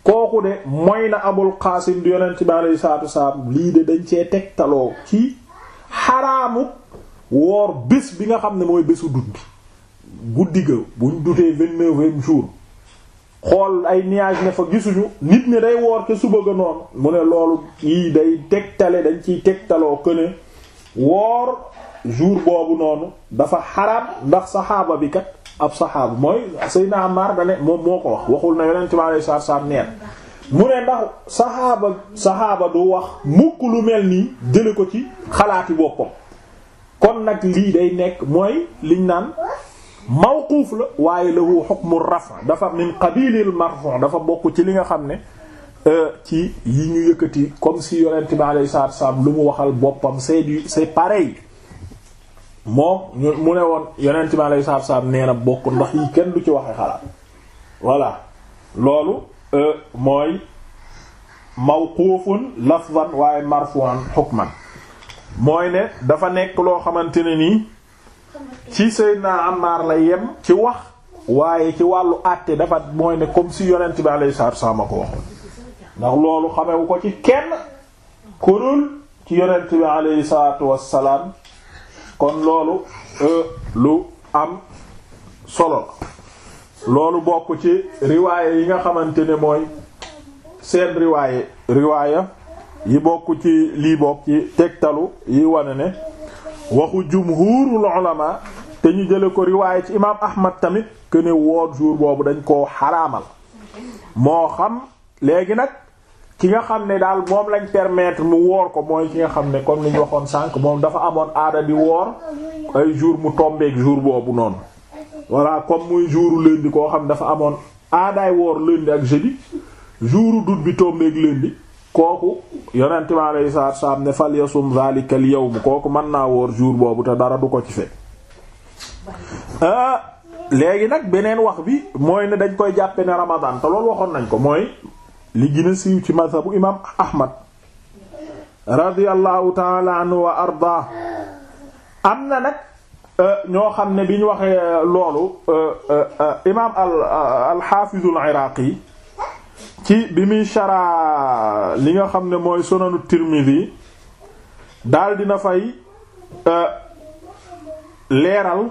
kooku de mooy na abul qaasim di yonent bi aleyhi salaatu wasalaam lii de dañ cee tegtaloo ci xaraamu woor bés bi nga xam ne mooy bésu dut bi guddi ga buñ dutee jour xool ay nuage ne fa gisuñu nit ñi day woor ca suba ga noonu mu ne loolu yii day tegtale dañ ci tegtaloo këne woor jour boobu noonu dafa xaraam ndax saxaaba bi kat ab saxaaba mooy Seydina Ammaar da ne moom moo ko wax waxul na yonent mi alayhi salaatu neen mu ne ndax saxaaba saxaaba du wax mukk lu mel nii jële ko ci xalaati boppam kon nag lii day nekk mooy liñ naan mawquuf la waaye lahu hukmu raf' dafa min qabilil marfu' dafa bokk ci li nga xam ne euh, ci yi ñu yëkkati comme si yonent bi alayhi salaatu lu mu waxal boppam c'est du c'est pareil moom mu ne woon yonent bi alayhi salaatu wassalaam nee na bokk ndox yi kenn du ci waxe xalaat voilà loolu euh, mooy mawquufun lafzan waaye marfu'an hukman mooy ne dafa nekk loo xamante ne nii ci Seydina Ammar la yem ci wax waaye ci wàllu àtte dafa mooy ne comme si yonent bi alayhi salaatu wasallam a ko waxoon ndax loolu xamewu ko ci kenn kurul ci yonent bi alayhi salaat wassalaam kon loolu euh, lu am solo loolu bokk ci riwaaye yi nga xamante ne mooy seen riwaaye riwaaya yi bokk ci lii bokk tegtalu yi wane ne waxu jumhurul ulama te ñu jële ko riwaaye ci imaam ahmad tamit que ne woor jour boobu dañ koo xaraamal moo xam léegi nag ki nga xam ne daal moom lañ permettre mu woor ko mooy ki nga xam ne comme ni ñu waxoon sànq moom dafa amoon aada di woor jour mu tombeek jour boobu noonu voilà comme muy jouru lundi koo xam dafa amoon aadaay woor lundi ak jeudi jouru dut bi tombeek lundi kooku yonent mi alayhi salaatu salaam ne fal yasum zaalika al yawm kooku mën naa woor jur boobu te dara du ko ci fekk ah, léegi nag beneen wax bi mooy ne dañ koy jàppe ne ramadan te loolu waxoon nañ ko mooy li gën a siiw ci mazhabu imaam ahmad radiyallahu taala anhu wa arda am na nag eh, ñoo xam ne bi ñu waxee loolu eh, eh, imaam al al xaafizul ci bi muy sharaa li nga xam ne mooy sunanu Tirmidhi daal dina fay euh, leeral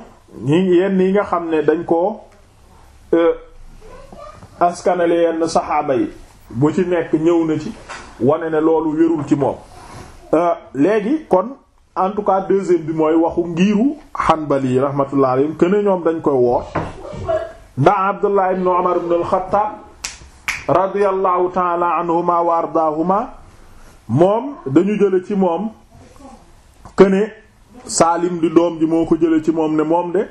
ñi yenn yi nga xam ne dañ ko euh, askanale yenn saxaaba yi bu ci nekk ñëw na ci wane ne loolu wérul ci moom euh, léegi kon en tout cas deuxième bi mooy waxu ngiiru Hanbali yi rahmatullah alayhim ne ñoom dañ koy woor ndax Abdullah ibn Umar ibn al-Khattab radiyallahu taala anhuma wa ardaahuma moom dañu jële ci moom këne saalim di doom ji moo ko jële ci moom ne moom de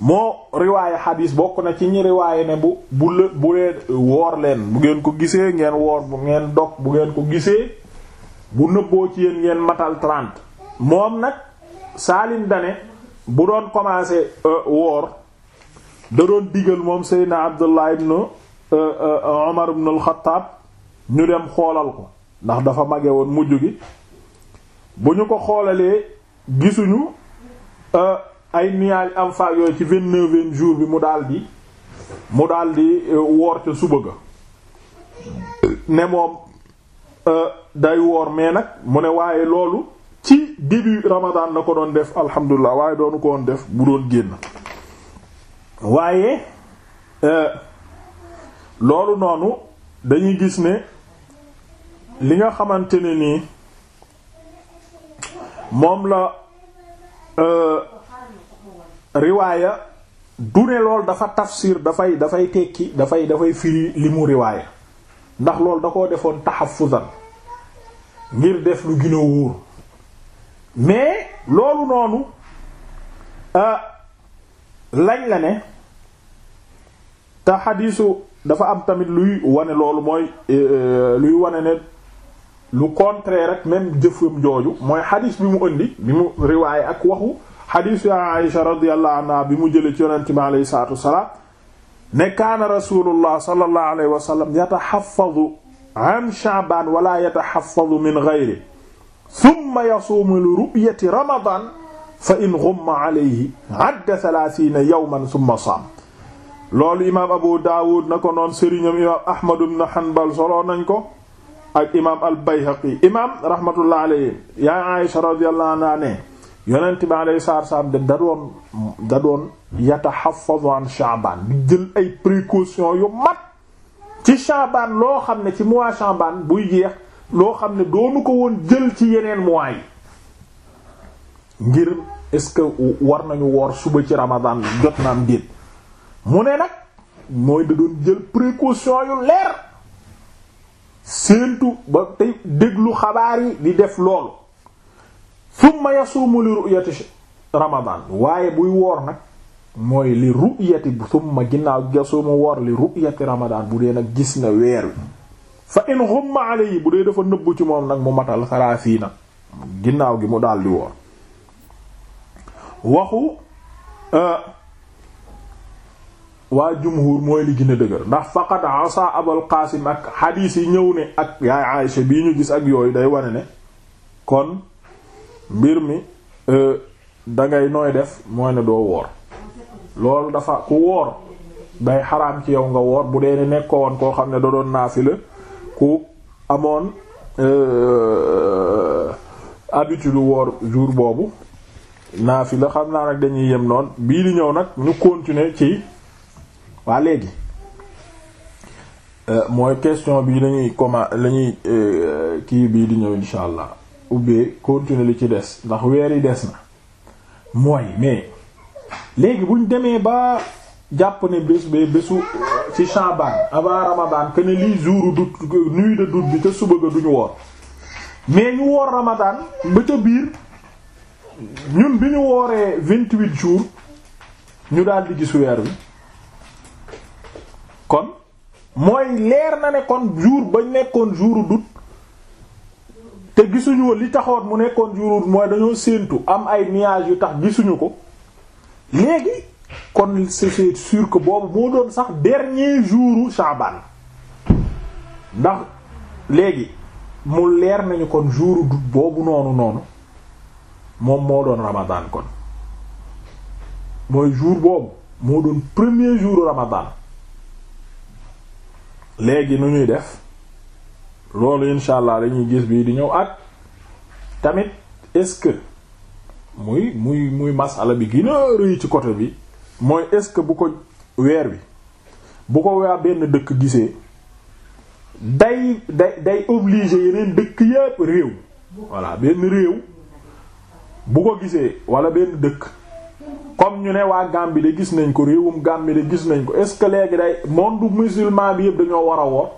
moo riwaaye xadiis bokk na ci ñi riwaaye ne bu bu lë bu leen bu ngeen ko gisee ngeen woor bu ngeen dog bu ngeen ko gisee bu nëbboo ci yéen ngeen matal trente moom nag saalim dane bu doon commencé euh, woor da doon digal moom Seydina Abdullah ibn Euh, euh, euh, Omar ibn al ñu dem xoolal ko ndax dafa mage woon mujj gi bu ñu ko xoolalee gisuñu ay nuage am fa yooyu ci vingt-neuvième jour bi mu daldi mu daldi woor ca suba ga ne moom day woor mais nag mu ne waaye loolu ci début Ramadan na ko doon def alhamdulilah waaye doonu ko woon def bu doon génn waaye. loolu noonu dañuy gis ne li nga xamante ne nii moom la euh, riwaaya du ne lool dafa tafsir dafay dafay tekki dafay dafay firi li mu riwaaya ndax loolu da koo defoon taxafuzan ngir def lu gën a mais loolu noonu euh, lañ la ne te dafa am tamit luy wane loolu mooy euh, euh, luy wane ne lu contraire rek même jëfam jooju mooy xadis bi mu indi bi mu riwaaye ak waxu xadis ya Aïsha radiyallahu anha bi mu jële ci yonente bi alayhi salaatu wassalaam ne kaana rasulullah sallallahu alayhi wa sallam yataxafadu an Sha'ban wala yataxafadu min gayri summa yasuumu li ru'yati ramadan fa in ghumma alayhi adda thalaathiina yawman summa saam loolu imaam abu daawud na ko noon sëriñam imaam ahmad ibn hanbal solo nañ ko ak imaam al bayhaqi imaam rahmatullah alayhi yaa aisha radiyallahu anha ne yonent bi alayhi salaatu salaam de da doon da doon jël ay précaution yu mat ci sha'ban loo xam ne ci mois sha'ban buy jeex loo xam ne doonu ko woon jël ci yeneen mois ngir est-ce que war nañu woor suba ci ramadan jot naam déet mu ne nag mooy da doon jël précaution yu leer séentu ba tey déglu xabaar yi di def loolu summa yasuumu li ru'yati ramadan waaye buy woor nag mooy li ru'yati summa ginnaaw yasuumu woor li ru'yati ramadan bu dee nag gis na weer wi fa in ghumma alayhi bu dee dafa nëbbu ci moom nag mu matal salaasiina ginnaaw gi mu daldi woor waxu euh, waa jumhur mooy li gën a dëgër ndax faqad asa abul qaasim ak xadiis yi ñëw ne ak yaay Aysa bii ñu gis ak yooyu day wane ne kon mbir mi euh, dangay nooy def mooy ne doo woor loolu dafa ku woor day xaraam ci yow nga woor bu dee nekkoo woon koo xam ne da doon naafila ku amoon euh, habitude woor jour boobu naafila xam naa nag dañuy yem noonu bii di ñëw nag ñu continuer ci waa léegi euh, mooy question bi lañuy comment lañuy euh, kii bii di ñëw insha allah ubbee continuer li ci des ndax weer yi des na mooy mais léegi buñ demee ba jàpp ne bés bésu euh, ci Chaban avant Ramadan que ne lii jour du nuit de doute bi ca suba ga duñu woor mais ñu woor Ramadan ba ca biir ñun bi ñu wooree vingt-huit jour ñu daal di gis weer bi kon mooy leer na ne kon jour ba nekkoon jouru dut te gisuñu woon li taxoon mu nekkoon jouru dut mooy dañoo séentu am ay nuages yu tax gisuñu ko léegi kon c'est sûr que boobu moo doon sax dernier jouru Shaaban ndax léegi mu leer nañu kon jouru dut boobu noonu noonu moom moo doon Ramadan kon mooy jour boobu moo doon premier jouru Ramadan léegi nu ñuy def loolu incha allah dañuy gis bii di ñëw ak tamit est-ce que muy muy muy masala bi gën a rëy ci côté bi mooy est-ce que bu ko weer bi bu ko waa benn dëkk gisee day day day obligé yeneen dëkk yépp réew voilà benn réew bu ko gisee wala benn dëkk comme ñu ne waa Gambie de gis nañ ko réewum Gambie de gis nañ ko est-ce que léegi day monde musulman bi yëpp dañoo war a woor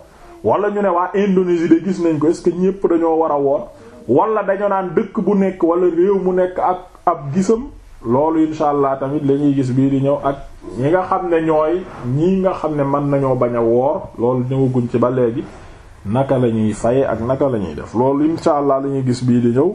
wala ñu ne waa Indonésie de gis nañ ko est-ce ñépp dañoo war a woor wala dañoo naan dëkk bu nekk wala réew mu nekk ak ab gisam loolu insha allah tamit lañuy gis bii di ñëw ak ñi nga xam ne ñooy ñi nga xam ne mën nañoo bañ a woor loolu ñëwaguñ ci ba léegi naka la ñuy faye ak naka lañuy ñuy def loolu insha allah la ñuy gis bii di ñëw